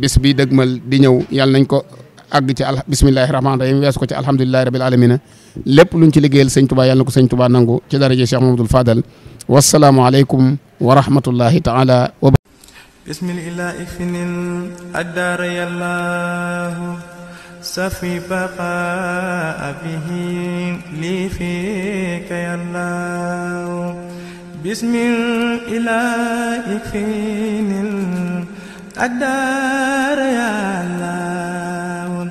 bis bi dëgmal di ñëw yàlla nañ ko àgg ci al bismillahi rahmaani rahim weesu ko ci alhamdulillahi rabbil alamina lépp luñ ci liggéeyal sëñ Touba yàlla ko sëñ Touba nangu ci daraje Cheikh Mamadou Fadal wassalaamu aleykum wa taala wa بسم الإله يكفيني الأقدار يا الله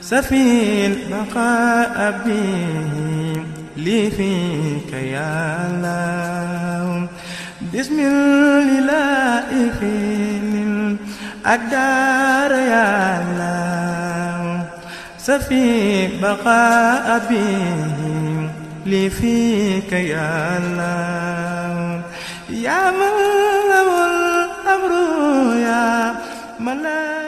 سفي البقاء به لي فيك يا الله بسم الإله يكفيني الأقدار يا الله سفي بقاء به لي فيك يا الله يا من له الأمر يا ملاك